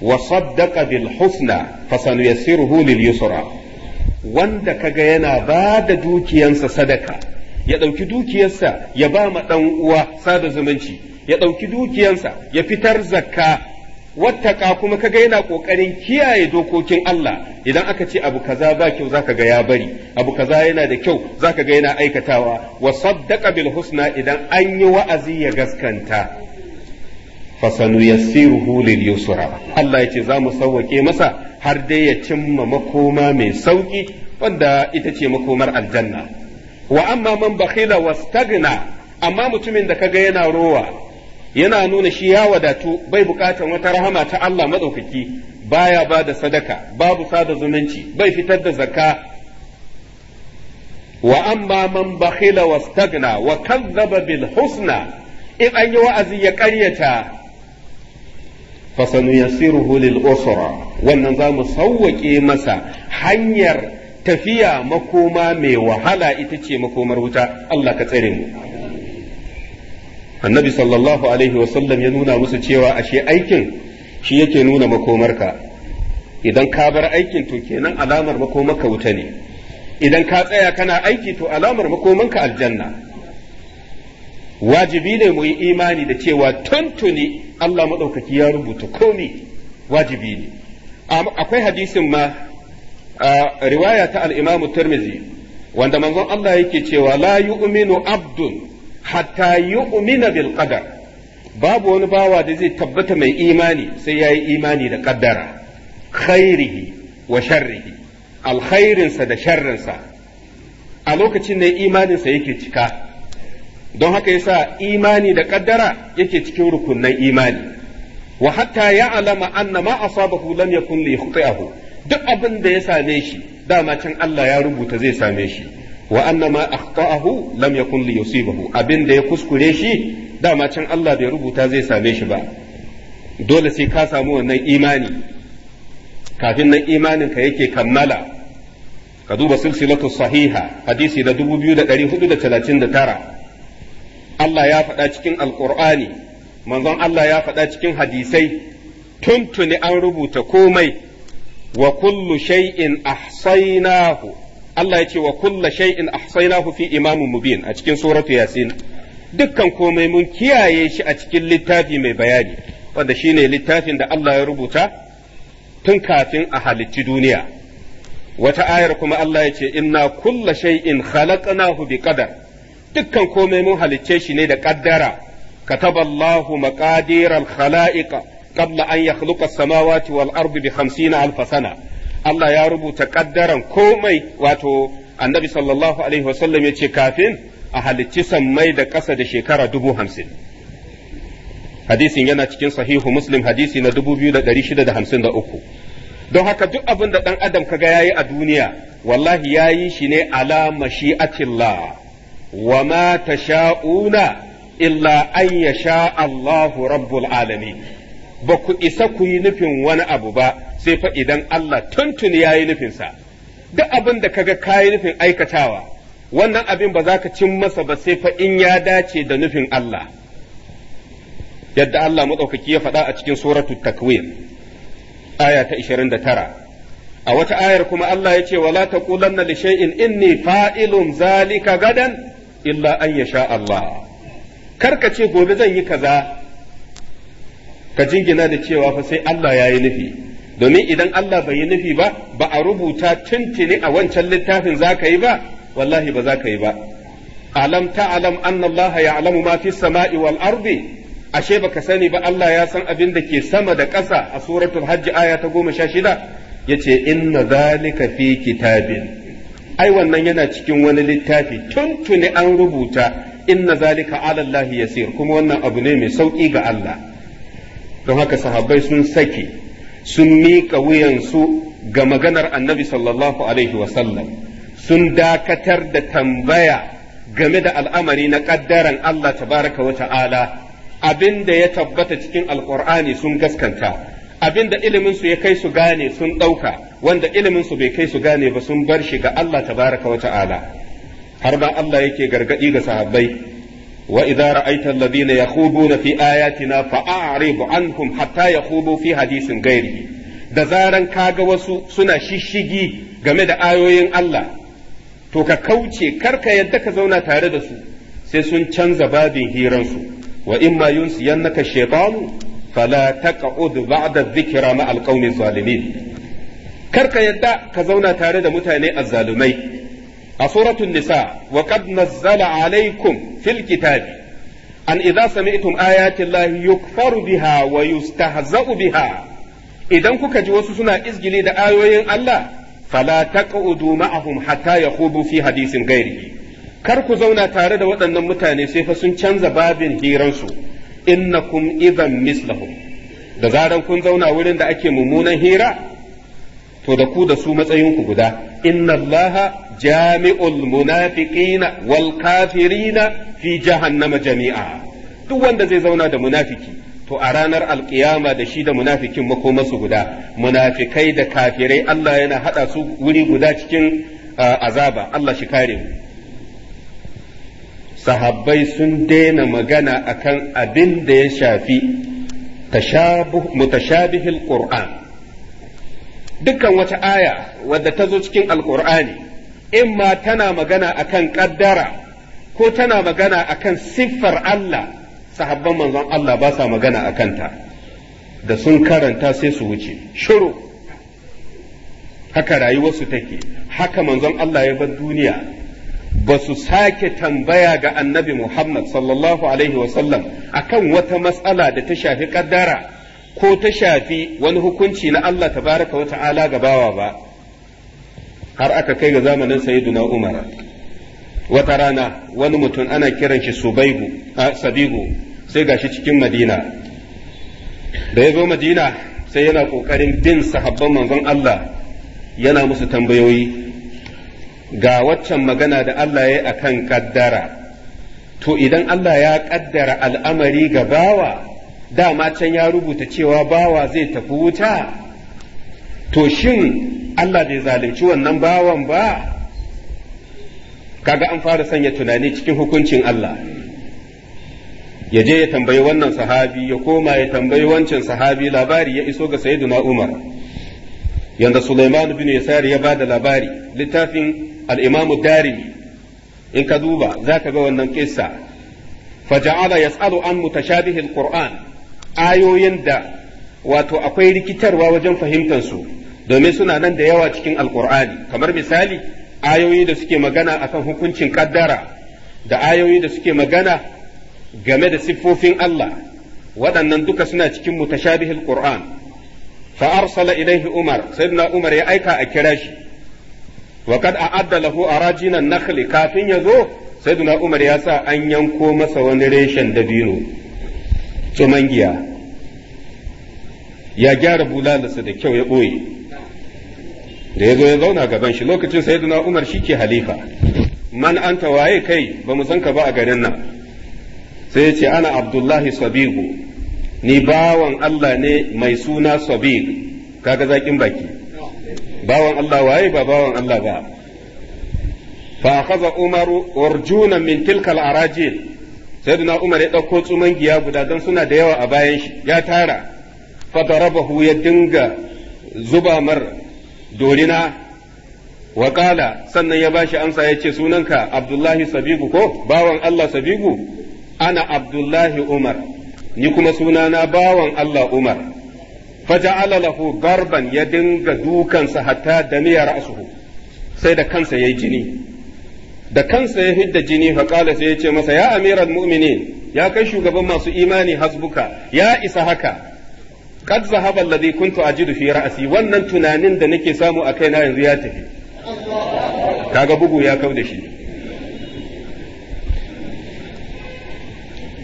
wa saddaqa bil husna fa sanuyassiruhu lil yusra wanda kaga yana ba da dukiyansa sadaka ya ɗauki dukiyarsa ya ba ma ɗan uwa sada zumunci ya ɗauki dukiyansa ya fitar zakka wattaka kuma kaga yana kokarin kiyaye dokokin Allah idan aka ce abu kaza ba kyau zaka ga ya bari abu kaza yana da kyau zaka ga yana aikatawa wa saddaqa bil husna idan an yi wa'azi ya gaskanta fasanu yassiruhu lil yusra Allah yace ce za mu sauwake masa har dai ya cimma makoma mai sauki wanda ita ce makomar aljanna wa amma man bakhila wastagna amma mutumin da kaga yana rowa yana nuna shi ya wadatu bai buƙatar wata rahama ta Allah madaukaki baya ba da sadaka babu sada zumunci bai fitar da zakka wa amma man bakhila wastagna wa kazzaba bil husna in an yi wa'azi ya karyata fasanuyassiruhu lil usra wannan za mu sauwake masa hanyar tafiya makoma mai wahala ita ce makomar wuta Allah ka tsare mu annabi sallallahu alaihi wasallam ya nuna musu cewa ashe aikin shi yake nuna makomarka idan ka bar aikin to kenan alamar makomarka wuta ne idan ka tsaya kana aiki to alamar makomanka aljanna wajibi ne mu yi imani da cewa tuntuni Allah maɗaukaki ya rubuta komi wajibi ne akwai hadisin ma riwaya ta al'imamu imam wanda manzon Allah yake cewa la yu'minu abdun hatta yu'mina bil qadar babu wani bawa da zai tabbata mai imani sai yayi imani da qaddara khairihi wa sharrihi alkhairinsa da sharrinsa a lokacin ne imaninsa yake cika don haka yasa imani da qaddara yake cikin rukunnan imani wa hatta ya'lama anna ma asabahu lam yakun li duk abin da ya same shi dama can Allah ya rubuta zai same shi wa anna ma akhta'ahu lam yakun li yusibahu abin da ya kuskure shi dama can Allah bai rubuta zai same shi ba dole sai ka samu wannan imani kafin nan imanin ka yake kammala ka duba silsilatu sahiha hadisi da 2439 Allah ya faɗa cikin alqur'ani manzon Allah ya faɗa cikin hadisai tuntuni an rubuta komai wa kullu shay'in ahsaynahu Allah ya ce wa kulla shay'in ahsaynahu fi imamin mubin a cikin suratu yasin dukkan komai mun kiyaye shi a cikin littafi mai bayani wanda shine littafin da Allah ya rubuta tun kafin a halicci duniya wata ayar kuma Allah ya ce inna kulla shay'in khalaqnahu bi qadar dukkan komai mun halicce shi ne da kaddara kataballahu maqadiral khalaiq qabla an yakhluqa as-samawati wal ardi bi 50 alf sana Allah ya rubuta ƙaddaran komai wato annabi sallallahu alaihi wasallam ya ce kafin a halicci sammai da ƙasa da shekara dubu hamsin. Hadisin yana cikin sahihu Muslim hadisi na dubu biyu da ɗari shida da hamsin da uku. Don haka duk abin da ɗan adam kaga ya yi a duniya wallahi ya yi shi ne ala mashi'atillah wa ma tasha'una illa an yasha Allahu rabbul alamin. Ba ku isa ku yi nufin wani abu ba sai fa idan Allah tuntuni ya yi nufinsa duk abin da kaga ka yi nufin aikatawa wannan abin ba za ka cin masa ba sai fa in ya dace da nufin Allah yadda Allah maɗaukaki ya faɗa a cikin suratu takwir aya ta 29 a wata ayar kuma Allah ya ce wala taqulanna li in, inni fa'ilun zalika gadan illa an ya sha Allah karka ce gobe zan yi kaza ka jingina da cewa fa sai Allah ya yi nufi domin idan Allah bai yi nufi ba ba a rubuta tuntuni a wancan littafin za ka yi ba wallahi ba za ka yi ba alam ta alam Allah ya'lamu ma fi samai wal ardi ashe baka sani ba Allah ya san abin da ke sama da ƙasa a suratul hajji aya ta goma sha shida yace inna zalika fi kitabin ai wannan yana cikin wani littafi tuntuni an rubuta inna zalika ala Allah yasir kuma wannan abu ne mai sauki ga Allah don haka sahabbai sun sake sun miƙa wuyansu ga maganar annabi sallallahu alaihi wasallam sun dakatar da tambaya game da al'amari na ƙaddaran Allah tabaraka wa ta'ala abin da ya tabbata cikin alƙur'ani sun gaskanta abin da iliminsu ya kai su gane sun ɗauka wanda iliminsu bai kai su gane ba sun bar shi ga Allah tabaraka wa ta'ala har ba Allah yake gargaɗi ga sahabbai وإذا رأيت الذين يخوضون في آياتنا فأعرض عنهم حتى يخوضوا في حديث غيره da zaran kaga wasu suna shishigi game da ayoyin Allah to ka kauce karka yadda ka zauna tare da su sai sun canza babin hiransu wa imma yunsiyannaka shaytanu fala taq'ud ba'da dhikra ma alqawmi zalimin karka yadda ka zauna tare da mutane azzalumai a suratun nisa wa qad nazzala alaikum fil kitabi an idza sami'tum ayati llahi yukfaru biha wa yustahza'u biha idan kuka ji wasu suna izgili da ayoyin Allah fala taq'udu ma'ahum hatta yakhudu fi hadisin ghairihi kar ku zauna tare da waɗannan mutane sai fa sun canza babin hiransu innakum idan mislahum da zaran kun zauna wurin da ake mummunan hira to da ku da su matsayinku guda inna allaha jami'ul munafiqina wal kafirina fi jahannama jami'a duk wanda zai zauna da munafiki to a ranar alkiyama da shi da munafikin makomarsu guda munafikai da kafirai Allah yana hada su wuri guda cikin azaba Allah shi kare mu sahabbai sun daina magana akan abin da ya shafi mutashabihil qur'an dukkan wata aya wadda ta zo cikin alkur'ani in ma tana magana akan ƙaddara ko tana magana akan siffar Allah sahabban manzon Allah ba sa magana a kanta da sun karanta sai su wuce shiru haka rayuwarsu take haka manzon Allah ya bar duniya ba su sake tambaya ga annabi Muhammad sallallahu alaihi wasallam akan wata matsala da ta shafi ƙaddara. ko ta shafi wani hukunci na Allah ta wata wata'ala ga bawa ba har aka kai ga zamanin sayyiduna Umar wata rana wani mutum ana kiran shi Subaigu Sabigu sai gashi cikin Madina da ya zo Madina sai yana kokarin bin sahabban manzon Allah yana musu tambayoyi ga waccan magana da Allah ya yi akan kaddara to idan Allah ya ƙaddara al'amari ga bawa dama can ya rubuta cewa bawa zai tafi wuta to shin Allah bai zalunci wannan bawan ba kaga an fara sanya tunani cikin hukuncin Allah ya je ya tambayi wannan sahabi ya koma ya tambayi wancan sahabi labari ya iso ga sayyiduna Umar yanda Sulaiman bin Yasar ya bada labari littafin al-Imam Darimi in ka duba zaka ga wannan kissa faja'ala yas'alu an mutashabihi al ayoyin da wato akwai rikitarwa wajen fahimtansu domin suna nan da yawa cikin alkur'ani kamar misali ayoyi da suke magana akan hukuncin kaddara da ayoyi da suke magana game da siffofin Allah waɗannan duka suna cikin mutashabihil qur'an fa arsala ilaihi umar sayyidina umar ya aika a kira shi wa kad a'adda lahu arajinan nakhli kafin ya zo sayyidina umar ya sa an yanko masa wani reshen dabino tsuman ya gyara bulalarsa da kyau ya ɓoye da ya zo ya zauna gaban shi lokacin sayyiduna umar shi ke halifa man an waye kai ba mu san ka ba a garin nan sai ya ce ana abdullahi sabigu ni bawan allah ne mai suna sabig kaga zakin baki bawan allah waye ba bawan allah ba fa akhadha umaru urjuna min tilka arajil sayyidina Umar ya ɗauko tsuman giya guda don suna da yawa a bayan shi ya tara hu ya dinga zuba mar dorina wa sannan ya ba shi amsa ya ce sunanka Abdullahi Sabigu ko bawan Allah Sabigu ana Abdullahi Umar ni kuma sunana bawan Allah Umar faja lahu garban ya dinga dukansa hatta da miya asuhu sai da kansa ya yi jini da kansa ya hidda jini faƙala sai ya ce masa ya amiran mu'minin ya kai shugaban masu imani hasbuka ya isa haka kad zahaba alladhi kuntu ajidu fi ra'si wannan tunanin da nake samu a kaina yanzu ya tafi kaga bugu ya kau da shi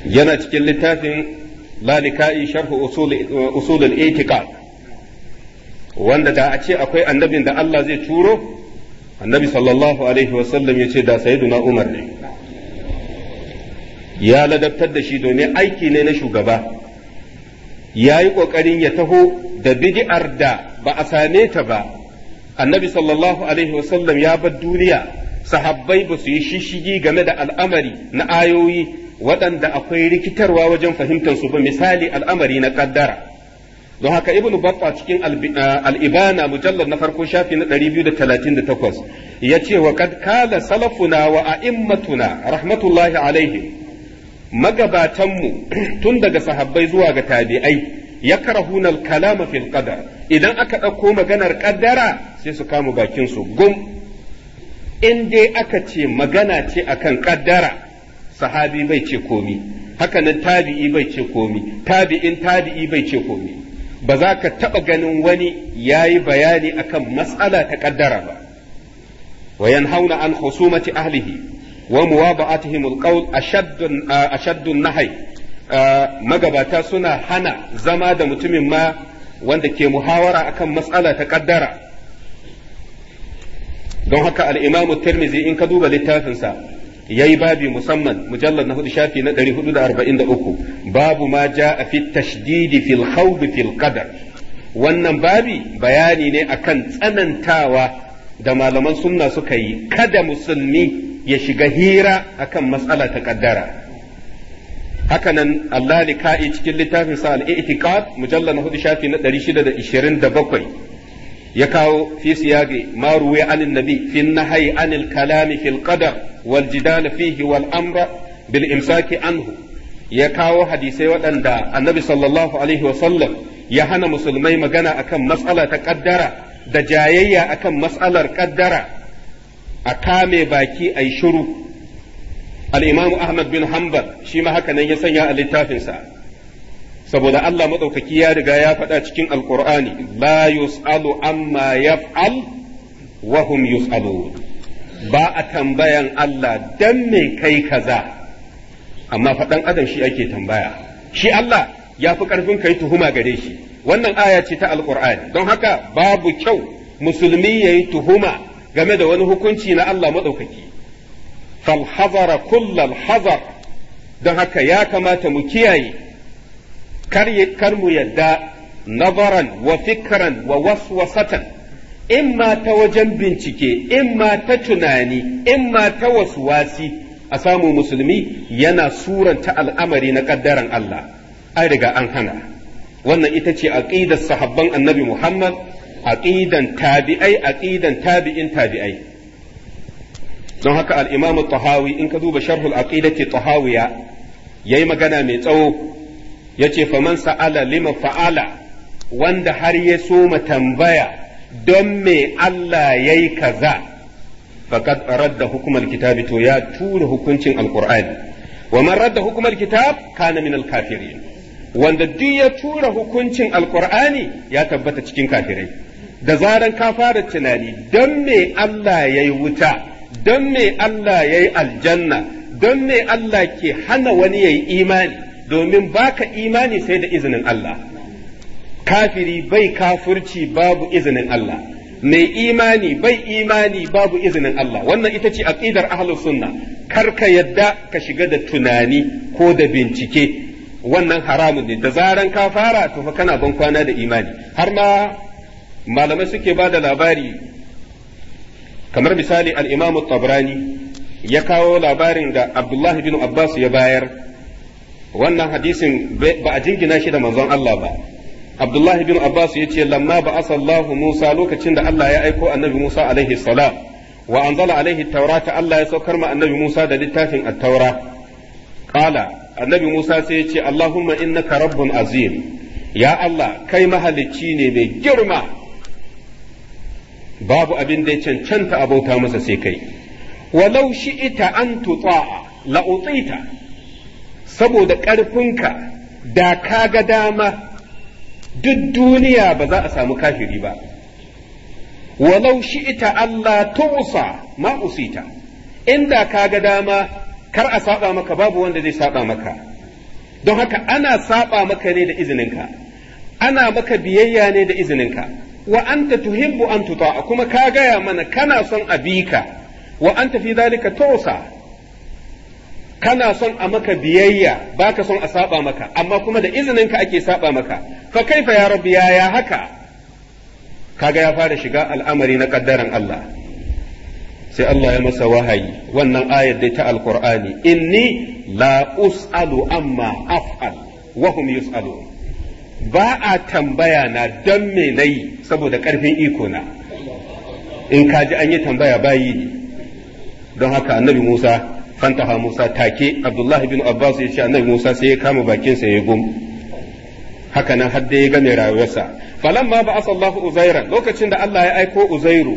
yana cikin littafin lalika'i sharhu usul al-i'tiqad wanda da a ce akwai annabin da Allah zai turo annabi sallallahu alaihi wasallam ya ce da sayyiduna umar ne ya ladabtar da shi domin aiki ne na shugaba ya yi ƙoƙarin ya taho da bid'ar da ba a same ta ba annabi sallallahu alaihi wasallam ya bar duniya sahabbai ba su yi shishigi game da al'amari na ayoyi waɗanda akwai rikitarwa wajen fahimtar su ba misali al'amari na ƙaddara don haka ibnu batta cikin eh, al'ibana mujallar na farko shafi na 238 ce wa kad kala salafuna wa a'immatuna rahmatullahi alaihi magabatanmu tun daga sahabbai zuwa ga tabi'ai ya al-kalama fil qadar idan aka ɗauko maganar kaddara sai su kama bakin su gum in dai aka ce magana ce akan kaddara sahabi bai ce komi hakanan tabi'i bai ce komi tabi'in tabi'i bai ce komi ba za ka taɓa ganin wani ya yi bayani akan matsala ta ƙaddara ba wa hauna an husumati ahlihi wa muwaba'atihim alqawl ashaddun ashaddun nahay magabata suna hana zama da mutumin ma wanda ke muhawara akan matsala ta ƙaddara don haka al mu tirmizi in ka duba littafinsa yayi babi musamman mujallar na hudu shafi na uku babu ma a fi tashdidi fil khawd fil qadar wannan babi bayani ne akan tsanantawa da malaman sunna suka yi kada musulmi ya shiga hira akan matsala ta kaddara hakanan Allah lika'i cikin littafin sa al-i'tiqad mujallar na hudu shafi na bakwai. ya kawo fi siyaqi ma ruwiya anin nabi fi nahyi anil kalami fil qadar wal jidal fihi wal amra bil imsaki anhu ya kawo hadisai waɗanda annabi sallallahu alaihi sallam ya hana musulmai magana akan matsala ta kaddara da jayayya akan matsalar kaddara a kame baki a yi shuru al'imamu ahmad bin hanbal shi ma haka nan ya sanya a littafinsa saboda Allah maɗaukaki ya riga ya faɗa cikin alkur'ani la yus'alu amma yaf'al wa hum yus'alun ba a tambayan Allah dan me kai kaza amma faɗan adam shi ake tambaya shi Allah ya fi ƙarfin kai tuhuma gare shi wannan aya ce ta alkur'ani don haka babu kyau musulmi ya yi tuhuma game da wani hukunci na Allah maɗaukaki falhazara kullal hazar don haka ya kamata mu kiyaye kar mu yadda nazaran wa fikran wa waswasatan ma ta wajen bincike ma ta tunani imma ta waswasi a samu musulmi yana suranta al'amari na ƙaddaran Allah an riga an hana wannan ita ce aqidar sahabban annabi Muhammad aqidan tabi'ai aqidan tabi'in tabi'ai don haka al-Imam tahawi in ka duba sharh al-aqidati tahawiya yayi magana mai tsawo yace faman sa'ala lima fa'ala wanda har ya soma tambaya don me Allah yi kaza faqad radda hukumar kitabi to ya tura hukuncin alƙur'ani. wa man radda hukumar kitab kana min alkafirin wanda duk ya tura hukuncin alƙur'ani ya tabbata cikin kafirai da zaran ka fara tunani don me Allah yi wuta don me Allah yayi aljanna don me Allah ke hana wani yayi imani domin baka imani sai da izinin Allah kafiri bai kafurci babu izinin Allah mai imani bai imani babu izinin Allah wannan ita ce aqidar ahlus sunna kar ka yadda ka shiga da tunani ko da bincike wannan haramun ne da zaran ka fara to kana ban kwana da imani har ma malamai suke ba da labari kamar misali al tabrani ya kawo labarin da Abdullahi bin Abbas ya bayar wannan hadisin ba a jingina shi da manzon Allah ba Abdullah bin Abbas ya ce lamma ba asallahu Musa lokacin da Allah ya aiko annabi Musa alaihi salam wa anzala alaihi taurata Allah ya saukar ma annabi Musa da littafin at-taura qala annabi Musa sai ya ce Allahumma innaka rabbun azim ya Allah kai mahalicci ne mai girma babu abin da ya cancanta abauta masa sai kai walau shi'ita an tuta'a la'utita saboda ƙarfinka da ka ga dama duk duniya ba za a samu kafiri ba walau shi ita Allah tusa ma usita inda ka ga dama kar a saba maka babu wanda zai saba maka don haka ana saba maka ne da izininka ana maka biyayya ne da izininka wa anta tuhibbu an tuta kuma ka gaya mana kana son a bi ka. wa anta fi zalika tusa kana son a maka biyayya baka son a saba maka amma kuma da izininka ake saba maka fa kaifa ya rabbi ya haka kaga ya fara shiga al'amari na kaddaran Allah sai Allah ya masa wahayi wannan ayar dai ta alqur'ani inni la us'alu amma af'al wa hum yusalu ba a tambaya na dan me nayi saboda karfin iko na in kaji an yi tambaya bayi don haka annabi Musa fantaha Musa take Abdullahi bin Abbas ya ce annabi Musa sai ya kama bakinsa ya gum haka nan har ya game rayuwarsa falamma ba asallahu Uzaira lokacin da Allah ya aiko uzairu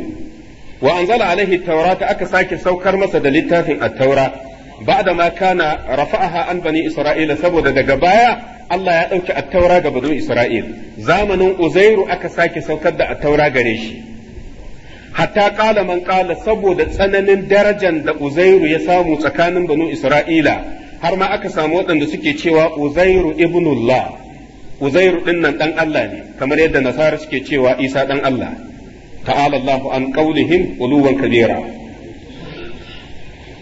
wa anzala alaihi taurata aka sake saukar masa da littafin at-taura ba'da ma kana rafa'aha an bani isra'ila saboda daga baya Allah ya ɗauki at-taura ga bani isra'il zamanin uzairu aka sake saukar da at-taura gare shi hatta kala man kala saboda tsananin darajan da uzairu ya samu tsakanin banu isra'ila har ma aka samu waɗanda suke cewa uzairu ibnullah uzairu ɗin nan ɗan Allah ne kamar yadda nasara suke cewa isa ɗan Allah ta'ala an qaulihim uluwan kabira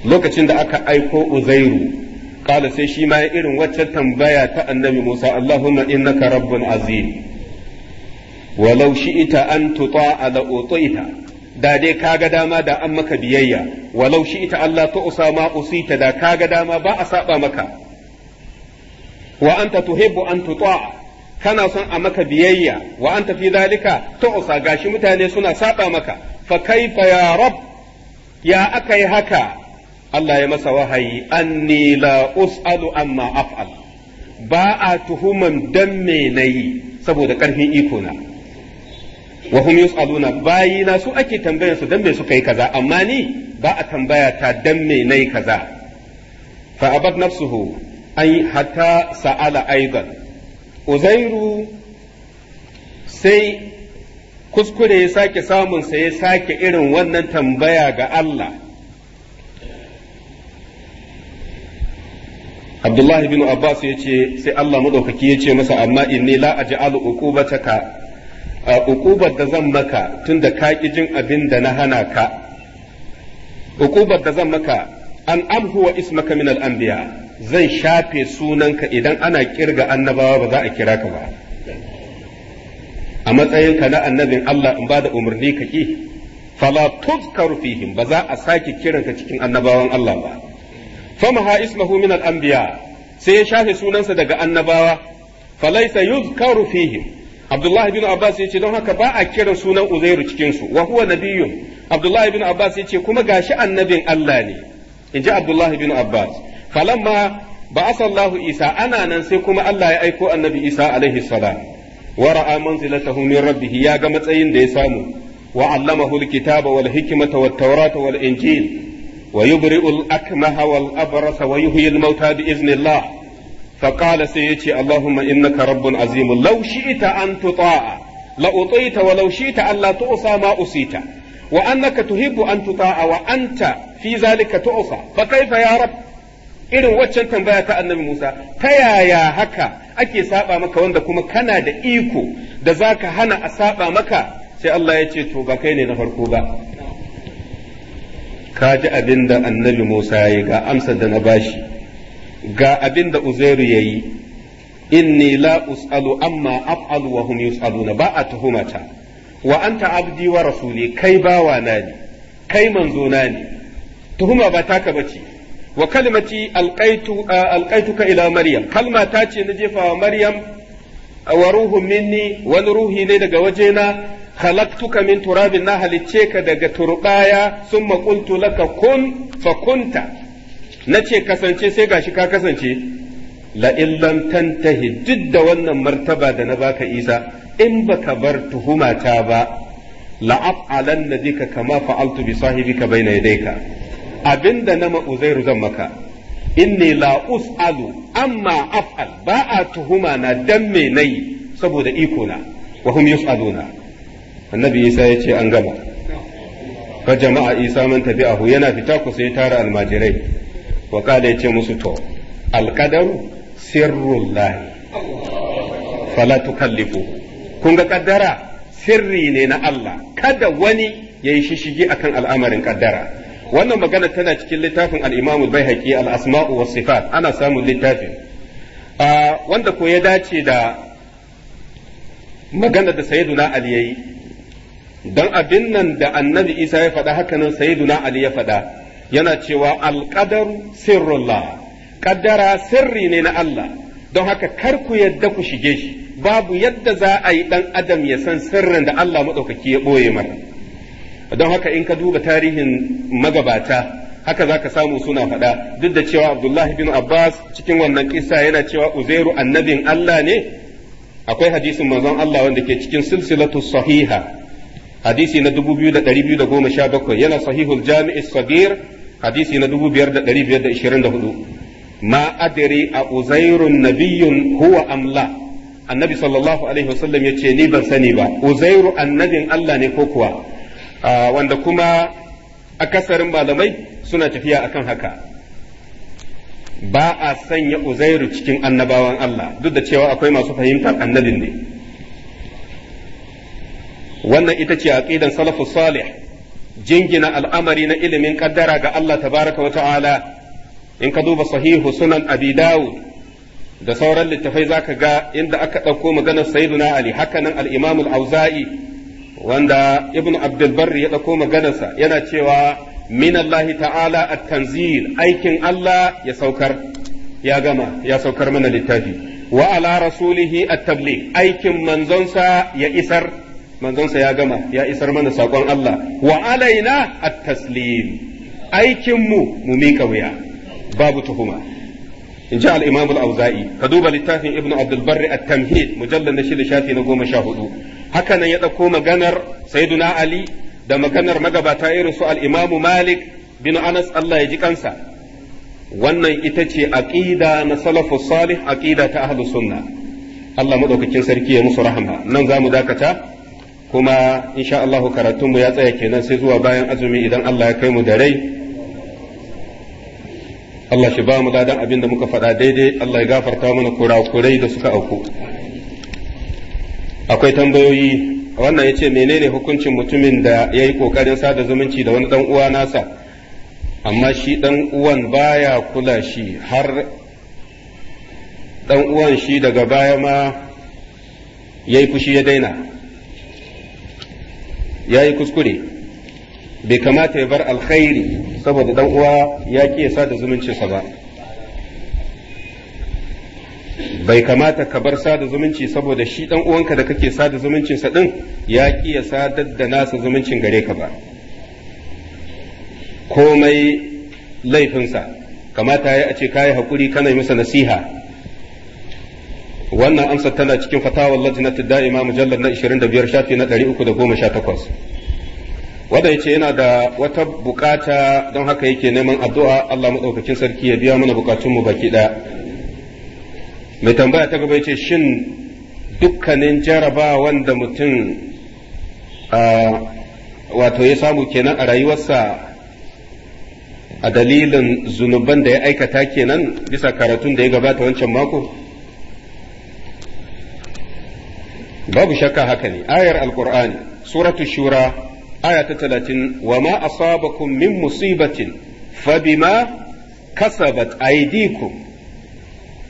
lokacin da aka aiko uzairu kala sai shi ma irin waccan tambaya ta annabi Musa Allahumma innaka rabbun azim walau shi'ita an tuta'a la da dai kaga dama da an maka biyayya walau shi ita Allah ta usama usita da kaga dama ba a saba maka wa anta tuhibbu an tuta kana son a maka biyayya wa anta fi dalika ta usa gashi mutane suna saba maka fa kaifa ya rab ya akai haka Allah ya masa wahayi anni la us'alu amma af'al ba a tuhuman dan me nayi saboda karfin iko na wa hum yus'aluna bayina su ake tambayar su dan me suka yi kaza amma ni ba a tambaya ta dan me nayi kaza fa abad nafsuhu ai hatta sa'ala aidan uzairu sai kuskure ya sake samun sa ya sake irin wannan tambaya ga Allah Abdullahi bin Abbas ya ce sai Allah madaukaki ya ce masa amma inni la aj'alu uqubataka a ukubar da zan maka da ka ƙi jin abin da na hana ka ukubar da zan maka an amhu wa ismaka min al-anbiya zan shafe sunanka idan ana kirga annabawa ba za a kira ka ba a matsayinka na annabin Allah in ba da umarni ka ki fala tuzkaru fihim ba za a sake kiranka cikin annabawan Allah ba famaha ismahu min al-anbiya sai ya shafe sunansa daga annabawa falaysa yuzkaru fihim Abdullahi bin Abbas ya ce don haka ba a kiran sunan Uzairu cikin su wa huwa nabiyyun Abdullahi bin Abbas ya ce kuma gashi annabin Allah ne inji Abdullahi bin Abbas falamma ba'asa sallahu Isa ana nan sai kuma Allah ya aiko annabi Isa alaihi salam wa ra'a manzilatahu min rabbih ya ga matsayin da ya samu wa allamahu alkitaba wal hikmata wat tawrata wal injil wa yubri'ul al akmaha wal abrasa wa yuhyi mauta bi iznillah فقال سيتي اللهم إنك رب عظيم لو شئت أن تطاع لأطيت ولو شئت أن لا تؤصى ما أصيت وأنك تحب أن تطاع وأنت في ذلك تؤصى فكيف يا رب irin waccan tambaya ta annabi Musa ta yaya haka ake saba maka wanda kuma kana da iko da zaka hana a saba maka sai Allah ya ce to ba kai ne na farko ba ka ji abin da annabi Musa ya yi ga amsar da na bashi ga abin da uzairu ya yi inni la us'alu amma af'alu wa hum yus'aluna ba a tuhumata wa anta abdi wa rasuli kai bawa na ne kai manzo na ne tuhuma ba taka bace wa kalimati alqaitu alqaituka ila maryam kalma ta ce na jefawa maryam wa ruhun minni wani ruhi ne daga wajena khalaqtuka min turabin na halicce ka daga turbaya summa qultu laka kun fakunta na ce kasance sai gashi ka kasance la lam tantahi duk da wannan martaba da na baka isa in baka bar tuhumata ba la'af'alan na bika kama fa'altu bi sahibika bayna yadayka abinda na ma'uzairu zan maka inni la us'alu amma af'al ba a tuhuma na dan me nayi saboda iko na wa hum yus'aluna annabi isa ya ce an gama fa jama'a isa man tabi'ahu yana fita ku sai tara almajirai wa kala musu to alkadaru sirrun lahi fala tukallifu kun ga kaddara sirri ne na Allah kada wani ya yi shishigi akan al'amarin kaddara wannan magana tana cikin littafin al-Imam al-Baihaqi Sifat ana samun littafin ah, wanda ko ya dace da magana da sayyiduna Ali yayi dan abin nan da Annabi Isa ya faɗa haka nan sayyiduna Ali ya faɗa yana cewa alƙadaru sirrullah ƙaddara sirri ne na Allah don haka kar ku yadda ku shige shi babu yadda za a yi ɗan adam ya san sirrin da Allah maɗaukaki ya ɓoye mara don haka in ka duba tarihin magabata haka za ka samu suna faɗa duk da cewa abdullahi bin abbas cikin wannan kisa yana cewa uzairu annabin allah ne akwai hadisin manzon allah wanda ke cikin silsilatu sahiha hadisi na 2217 yana sahihul jami'i sagir hadisi na 5524 ma adri a uzairun nabiyyun huwa amla annabi sallallahu alaihi wasallam yace ni ban sani ba uzairu annabin Allah ne ko kuwa ah, wanda kuma akasarin malamai suna tafiya akan haka ba a sanya uzairu cikin annabawan Allah duk da cewa akwai masu fahimtar annabin ne wannan ita ce aqidan salafus salih jingina al'amari na ilimin ƙaddara ga Allah tabaraka wa ta'ala in ka duba sahihu sunan abi dawud da sauran littafai zaka ga inda aka ɗauko maganar sayyiduna ali hakanan al-imam auzai wanda ibn Abdulbarri ya ɗauko maganarsa yana cewa min Allah ta'ala a tanzil aikin Allah ya saukar ya gama ya saukar mana littafi wa ala rasulihi at aikin manzonsa ya isar manzonsa ya gama ya isar mana sakon Allah wa alaina at-taslim aikinmu mu miƙa wuya babu tuhuma in ji al-imam al-auza'i ka duba littafin ibnu abdul barri at-tamhid mujallal na shida shafi na goma sha hudu haka nan ya ɗauko maganar sayyiduna ali da maganar magabata irin su al-imam malik bin anas Allah ya ji kansa wannan ita ce aqida na salafus salih aqida ta ahlus sunna Allah madaukakin sarki ya musu rahama nan zamu dakata kuma insha Allahu karatunmu ya tsaya kenan sai zuwa bayan azumi idan Allah ya kai mu da rai Allah shi ba mu ladan abin da muka faɗa daidai Allah ya gafarta mana kurakurai da suka auku akwai tambayoyi wannan ya ce menene hukuncin mutumin da ya yi ƙoƙarin sada zumunci da wani ɗan uwa nasa amma shi ɗan uwan baya kula shi har ɗan uwan shi daga baya ma ya yi fushi ya daina ya yi kuskure bai kamata ya bar alkhairi saboda dan uwa ya kiyasa ya sada zumuncinsa ba bai kamata ka bar sada zumunci saboda shi dan uwanka da kake sada zumuncinsa din ya ki ya sadar da nasa zumuncin gare ka ba komai laifinsa kamata ya ce kayi hakuri kana masa nasiha wannan amsa tana cikin fatawar ta da'ima mujallar na 25 shafi na 318 wanda ce yana da wata bukata don haka yake neman addu'a Allah madaukakin sarki ya biya mana bukatunmu baki ɗaya. mai tambaya ta gaba ya ce shin dukkanin jaraba wanda mutum wato ya samu kenan a rayuwarsa a dalilin zunuban da ya aikata kenan bisa karatun da ya gabata wancan mako babu shakka haka ne ayar alkur'ani suratul shura aya ta talatin wa ma asabakum min musibatin fabima kasabat aydikum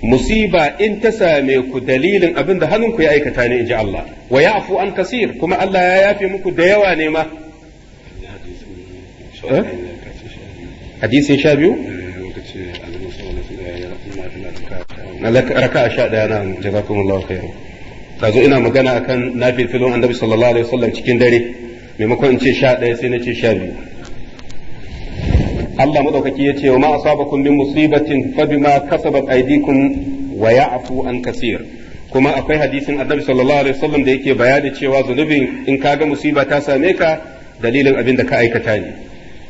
musiba in ta same ku dalilin abin da hannunku ya aikata ne inji Allah wa ya'fu an kasir kuma Allah ya yafe muku da yawa ne ma eh? eh? hadisin sha biyu eh, raka'a sha ɗaya na jazakumullahu khairan tazo ina magana akan na filon annabi sallallahu alaihi wasallam cikin dare maimakon in ce sha ɗaya sai na ce sha biyu Allah madaukaki ya ce wa ma asabakum min musibatin fa bima kasabat aydikum wa ya'fu an kaseer kuma akwai hadisin annabi sallallahu alaihi wasallam da yake bayani cewa zunubin in kaga musiba ta same ka dalilin abin da ka aikata ne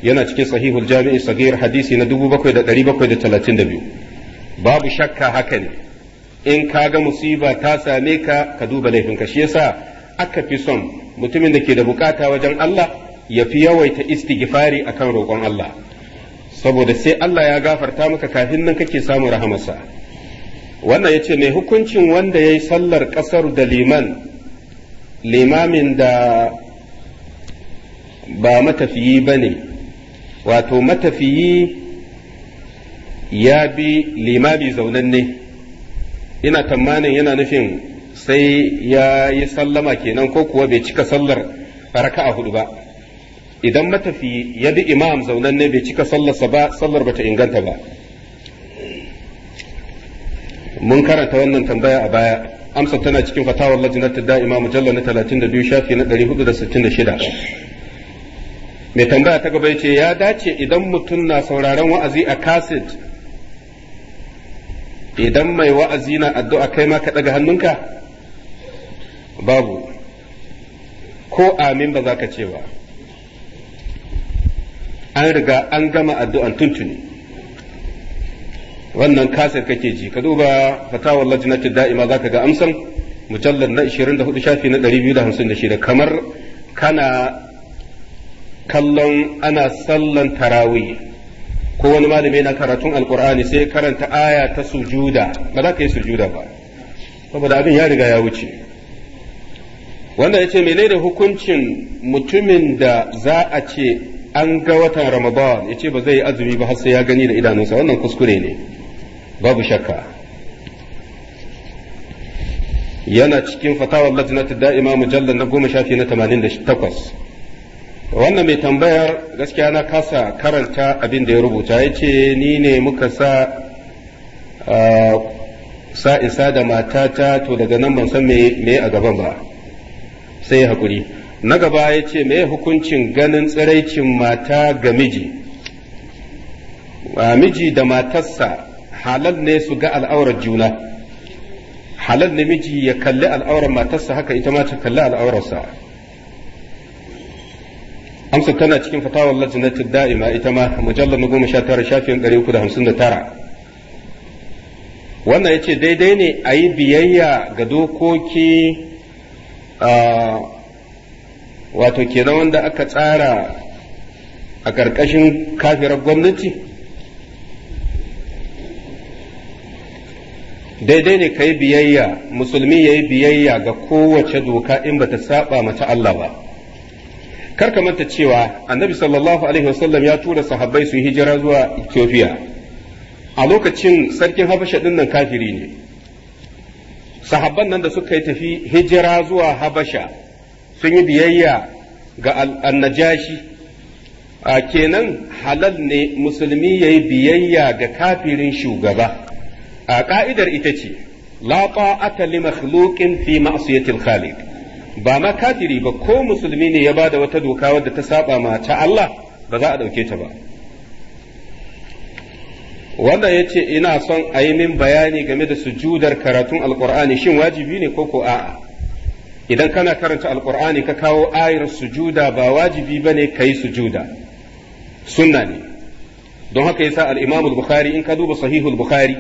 yana cikin sahihul jami'i sagir hadisi na 7732 babu shakka haka ne in ka ga musiba ta same ka ka duba laifinka shi yasa aka fi son mutumin da ke da bukata wajen Allah ya fi yawaita istighfari akan roƙon Allah saboda sai Allah ya gafarta maka kafin nan kake samun rahamarsa wannan ya ce mai hukuncin wanda ya yi sallar ƙasar da liman limamin da ba matafiyi ba ne wato matafiyi ya bi limami zaunanne ina tamanin yana nufin sai ya yi sallama kenan ko kuwa bai cika sallar a hudu ba idan matafi ya bi imam zaunan ne bai cika sallarsa ba sallar bata inganta ba mun karanta wannan tambaya a baya amsa tana cikin fatawar da imam mujalla na 32 shafi na 466 mai tambaya ta gaba ce ya dace idan mutum na sauraron wa'azi a kaset idan mai wa'azi na addu'a kai ma ka ɗaga hannunka babu ko amin ba za ka ce ba an riga an gama addu'an tuntuni wannan kasar kake ji ka duba fatawar lajinati da'ima za ka ga amsan mujallar na 24 shafi na 256 kamar kana kallon ana sallan tarawih ko wani malami yana karatun alkur'ani sai karanta aya ta sujuda ba za ka yi sujuda ba saboda abin ya riga ya wuce wanda ya ce menene hukuncin mutumin da za a ce an ga watan ramadan ya ce ba zai yi azumi ba har sai ya gani da idanunsa wannan kuskure ne babu shakka yana cikin fatawar lajnatu da'ima mujallal na goma shafi na 88 wannan mai tambayar gaskiya na kasa karanta abin da ya rubuta ya ce ni ne muka sa sa isa da matata to daga nan ban san me a gaban ba sai ya haƙuri na gaba ya ce me hukuncin ganin tsiraicin mata ga miji miji da matarsa halal ne su ga al'aurar juna halal ne miji ya kalli al'aurar matarsa haka ita ma ta kalli al'aurarsa amsa tana cikin fatawar lajnatin da'ima ita ma mujallar na goma sha tara shafin ɗari uku da hamsin da tara wannan ya ce daidai ne a yi biyayya ga dokoki wato kenan wanda aka tsara a ƙarƙashin kafirar gwamnati daidai ne ka yi biyayya musulmi ya yi biyayya ga kowace doka in ba ta saba mata Allah ba kar ka manta cewa annabi sallallahu alaihi wasallam ya tura sahabbai su hijira zuwa Ethiopia a lokacin sarkin Habasha din nan kafiri ne sahabban nan da suka yi tafi hijira zuwa Habasha sun yi biyayya ga annajashi a kenan halal ne musulmi ya yi biyayya ga kafirin shugaba a ka'idar ita ce la ta'ata li makhluqin fi ma'siyatil khaliq ba ma kafiri ba ko musulmi ne ya ba da wata doka wadda ta saba ma ta Allah ba za a ɗauke ta ba wanda ya ce ina son a yi min bayani game da sujudar karatun alkur'ani shin wajibi ne ko ko a'a idan kana karanta alkur'ani ka kawo ayar sujuda ba wajibi ba ne ka yi sujuda sunna ne don haka yasa al al-bukhari in ka duba sahihul bukhari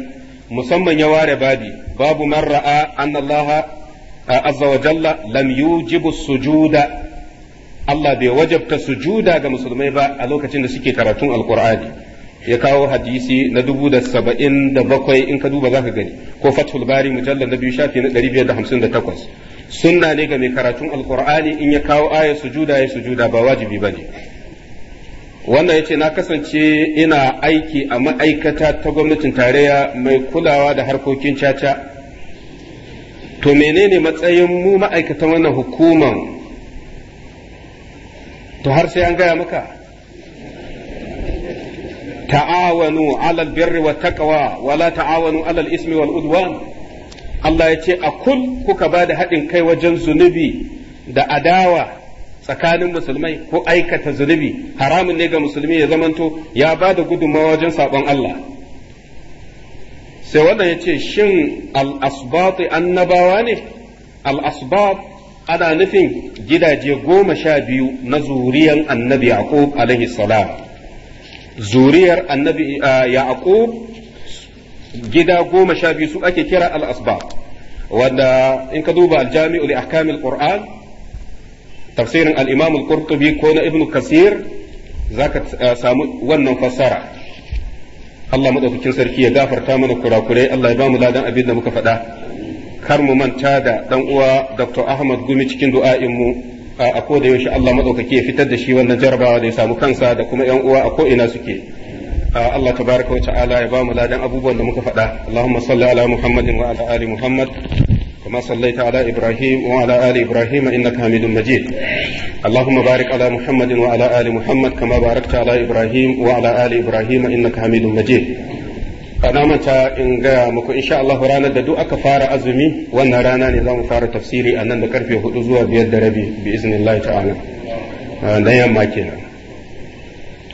musamman ya ware babi babu man ra'a azza wa jalla lam yujibu sujuda Allah bai wajabta sujuda ga musulmai ba a lokacin da suke karatun alqur'ani ya kawo hadisi na dubu da saba'in da bakwai in ka duba zaka gani ko fathul bari mujallar na biyu shafi na ɗari biyar da hamsin da takwas sunna ne ga mai karatun alqur'ani in ya kawo ayar sujuda ya sujuda ba wajibi ba ne wannan ce na kasance ina aiki a ma'aikata ta gwamnatin tarayya mai kulawa da harkokin caca to menene matsayin mu ma'aikatan wannan hukuman to har sai an gaya maka ta'awanu alal birri wa taqwa wala ta'awanu alal ismi wal udwan Allah ya ce a kul kuka ba da haɗin kai wajen zunubi da adawa tsakanin musulmai ko aikata zunubi haramun ne ga musulmi ya zamanto ya ba da gudunmawa wajen saɓon Allah sai wannan ya ce shin al'asbat annabawa ne al'asbat ana nufin gidaje goma sha biyu na zuriyar annabi yaqub alaihi salam zuriyar annabi yaqub gida goma sha biyu su ake kira al'asbat wanda in ka duba aljami'u li ahkamil qur'an tafsirin al'imamil imam ko na ibnu kasir zaka samu wannan fassara Allah madaukakin sarki ya gafarta mana kurakurai Allah ya ba mu ladan abin da muka faɗa kar mu manta da dan uwa Dr. Ahmad Gumi cikin du'a'in mu a ko da yaushe Allah madaukaki ya fitar da shi wannan jarabawa da ya samu kansa da kuma yan uwa a ko ina suke Allah tabaraka wa ta'ala ya ba mu ladan abubuwan da muka faɗa Allahumma salli ala Muhammadin wa ala ali Muhammad كما صليت على إبراهيم وعلى آل إبراهيم إنك حميد مجيد اللهم بارك على محمد وعلى آل محمد كما باركت على إبراهيم وعلى آل إبراهيم إنك حميد مجيد ana manta in gaya muku insha Allah ranar da duk aka fara azumi wannan rana ne za mu fara tafsiri a nan da karfe hudu zuwa biyar da rabi bi iznillahi ta'ala da yamma kenan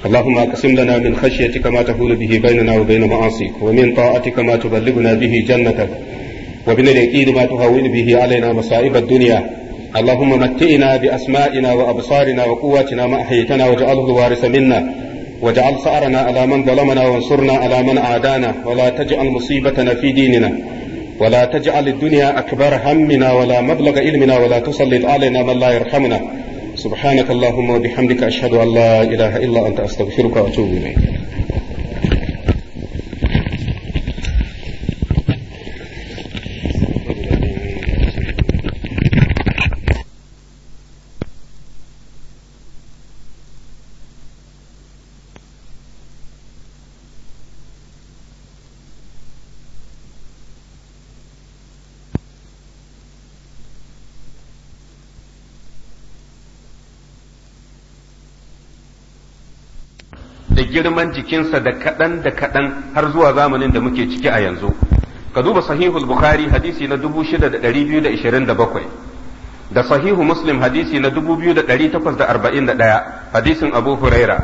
اللهم اقسم لنا من خشيتك ما تحول به بيننا وبين معاصيك ومن طاعتك ما تبلغنا به جنتك ومن اليقين ما تهون به علينا مصائب الدنيا اللهم متئنا بأسمائنا وأبصارنا وقواتنا ما أحيتنا واجعله الوارث منا واجعل ثأرنا على من ظلمنا وانصرنا على من عادانا ولا تجعل مصيبتنا في ديننا ولا تجعل الدنيا أكبر همنا ولا مبلغ علمنا ولا تسلط علينا من لا يرحمنا سبحانك اللهم وبحمدك أشهد أن لا إله إلا أنت أستغفرك وأتوب إليك girman jikinsa da kaɗan da kaɗan har zuwa zamanin da muke ciki a yanzu ka duba sahihul bukhari hadisi na 6227 da sahihu muslim hadisi na 2841 hadisin abu huraira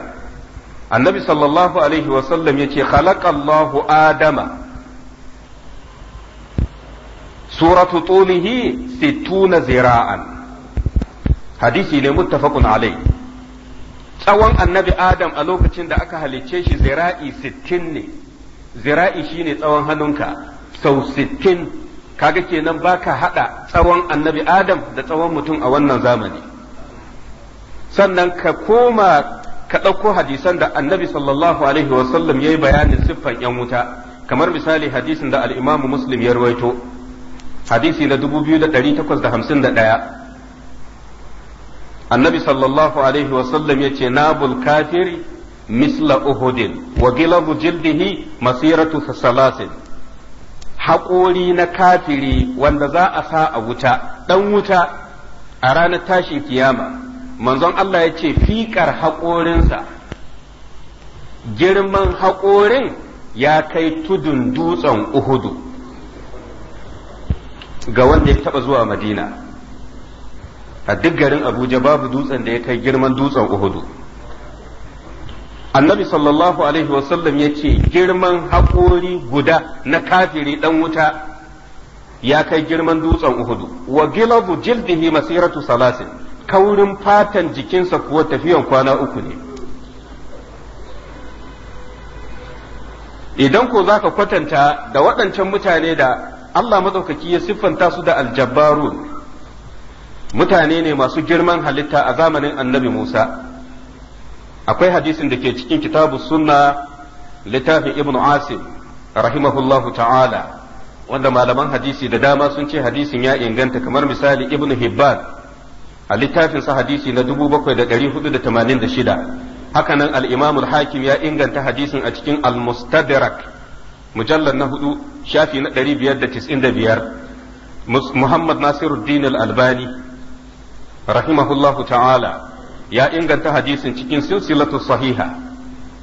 annabi sallallahu alaihi wasallam ya ce khalaqallahu adama suratu tulihi sittuna zira'an hadisi ne muttafaqun alaihi tsawon annabi adam a lokacin da aka halicce shi zira'i sittin ne zira'i shine tsawon hannunka sau sittin kaga kenan baka hada tsawon annabi adam da tsawon mutum a wannan zamani sannan ka koma ka ɗauko hadisan da annabi sallallahu alaihi wasallam ya yi bayanin siffan yan wuta kamar misali hadisin da al'imamu muslim ya rawaito hadisi na 2851 annabi sallallahu alaihi wasallam ya ce nabul kafiri misla uhudin wa gilabu jildihi masiratu salasin haƙori na kafiri wanda za a sa a wuta ɗan wuta a ranar tashin kiyama manzon Allah ya ce fiƙar haƙorinsa girman haƙorin ya kai tudun dutsen uhudu ga wanda ya taɓa zuwa madina a duk garin abuja babu dutsen da ya kai girman dutsen uhudu annabi sallallahu alaihi wasallam ya ce girman haƙori guda na kafiri ɗan wuta ya kai girman dutsen uhudu wa gilazu jildihi masiratu salasin kaurin fatan jikinsa kuwa tafiyan kwana uku ne idan ko za ka kwatanta da waɗancan mutane da Allah maɗaukaki ya siffanta su da aljabbarun mutane ne masu girman halitta a zamanin annabi Musa akwai hadisin da ke cikin kitabu sunna littafin ibnu asim rahimahullahu ta'ala wanda malaman hadisi da dama sun ce hadisin ya inganta kamar misali Ibn hibban a littafinsa hadisi na 7486 hakanan al-imam hakim ya inganta hadisin a cikin al mujallar mujallal na hudu shafi na 595 muhammad nasiruddin al-albani rahimahullahu ta'ala ya inganta hadisin cikin silsilatu sahiha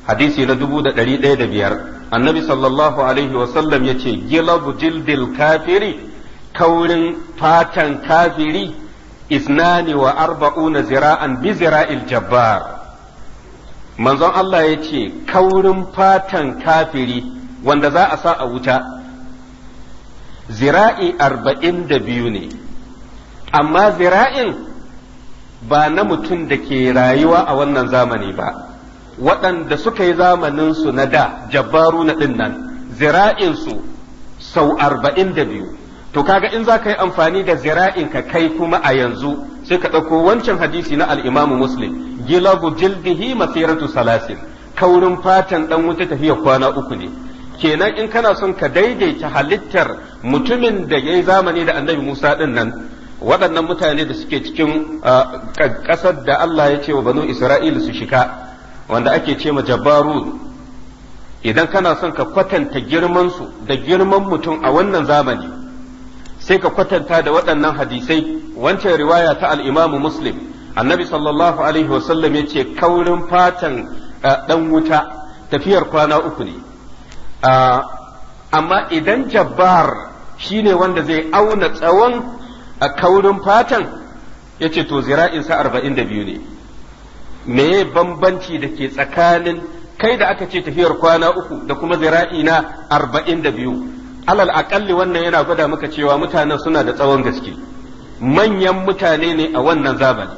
hadisi na dubu da ɗari ɗaya da biyar annabi sallallahu alaihi wasallam ya ce gilabu jildil kafiri kaurin fatan kafiri isnani wa arba'una zira'an bi zira'il jabbar manzon Allah ya ce kaurin fatan kafiri wanda za a sa a wuta zira'i arba'in da biyu ne amma zira'in ba na mutum da ke rayuwa a wannan zamani ba waɗanda suka yi zamaninsu na da jabbaru na ɗin nan zira'insu sau arba'in da biyu to kaga in za ka yi amfani da zira'in ka kai kuma a yanzu sai ka ɗauko wancan hadisi na al'imamu muslim gilabu jildihi masiratu salasin kaurin fatan ɗan wuta tafiya kwana uku ne kenan in kana son ka daidaita halittar mutumin da ya yi zamani da annabi musa ɗin nan waɗannan mutane da suke cikin uh, ƙasar da Allah ya ce wa banu Isra'ila su shika wanda ake ce ma jabaru idan kana son ka kwatanta girmansu da girman mutum a wannan zamani sai ka kwatanta da waɗannan hadisai wancan riwaya ta al'imamu muslim annabi sallallahu alaihi wasallam ya ce kaurin fatan uh, ɗan wuta tafiyar kwana uku ne uh, amma idan jabbar shine wanda zai auna tsawon a kaurin fatan ya ce to zira'insa arba'in da biyu ne me bambanci da ke tsakanin kai da aka ce tafiyar kwana uku da kuma zira'ina arba'in da biyu alal aƙalli wannan yana gwada maka cewa mutanen suna da tsawon gaske manyan mutane ne a wannan zamani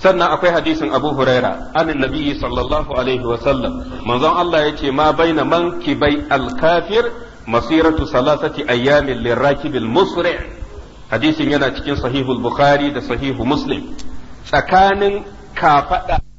sannan akwai hadisin abu huraira anin nabiyyi sallallahu alaihi wa sallam manzon Allah ya ce ma baina man kibai alkafir masiratu salasati ayyamin lirakibil musri' hadisin yana cikin sahihul bukhari da sahihu muslim tsakanin kafaɗa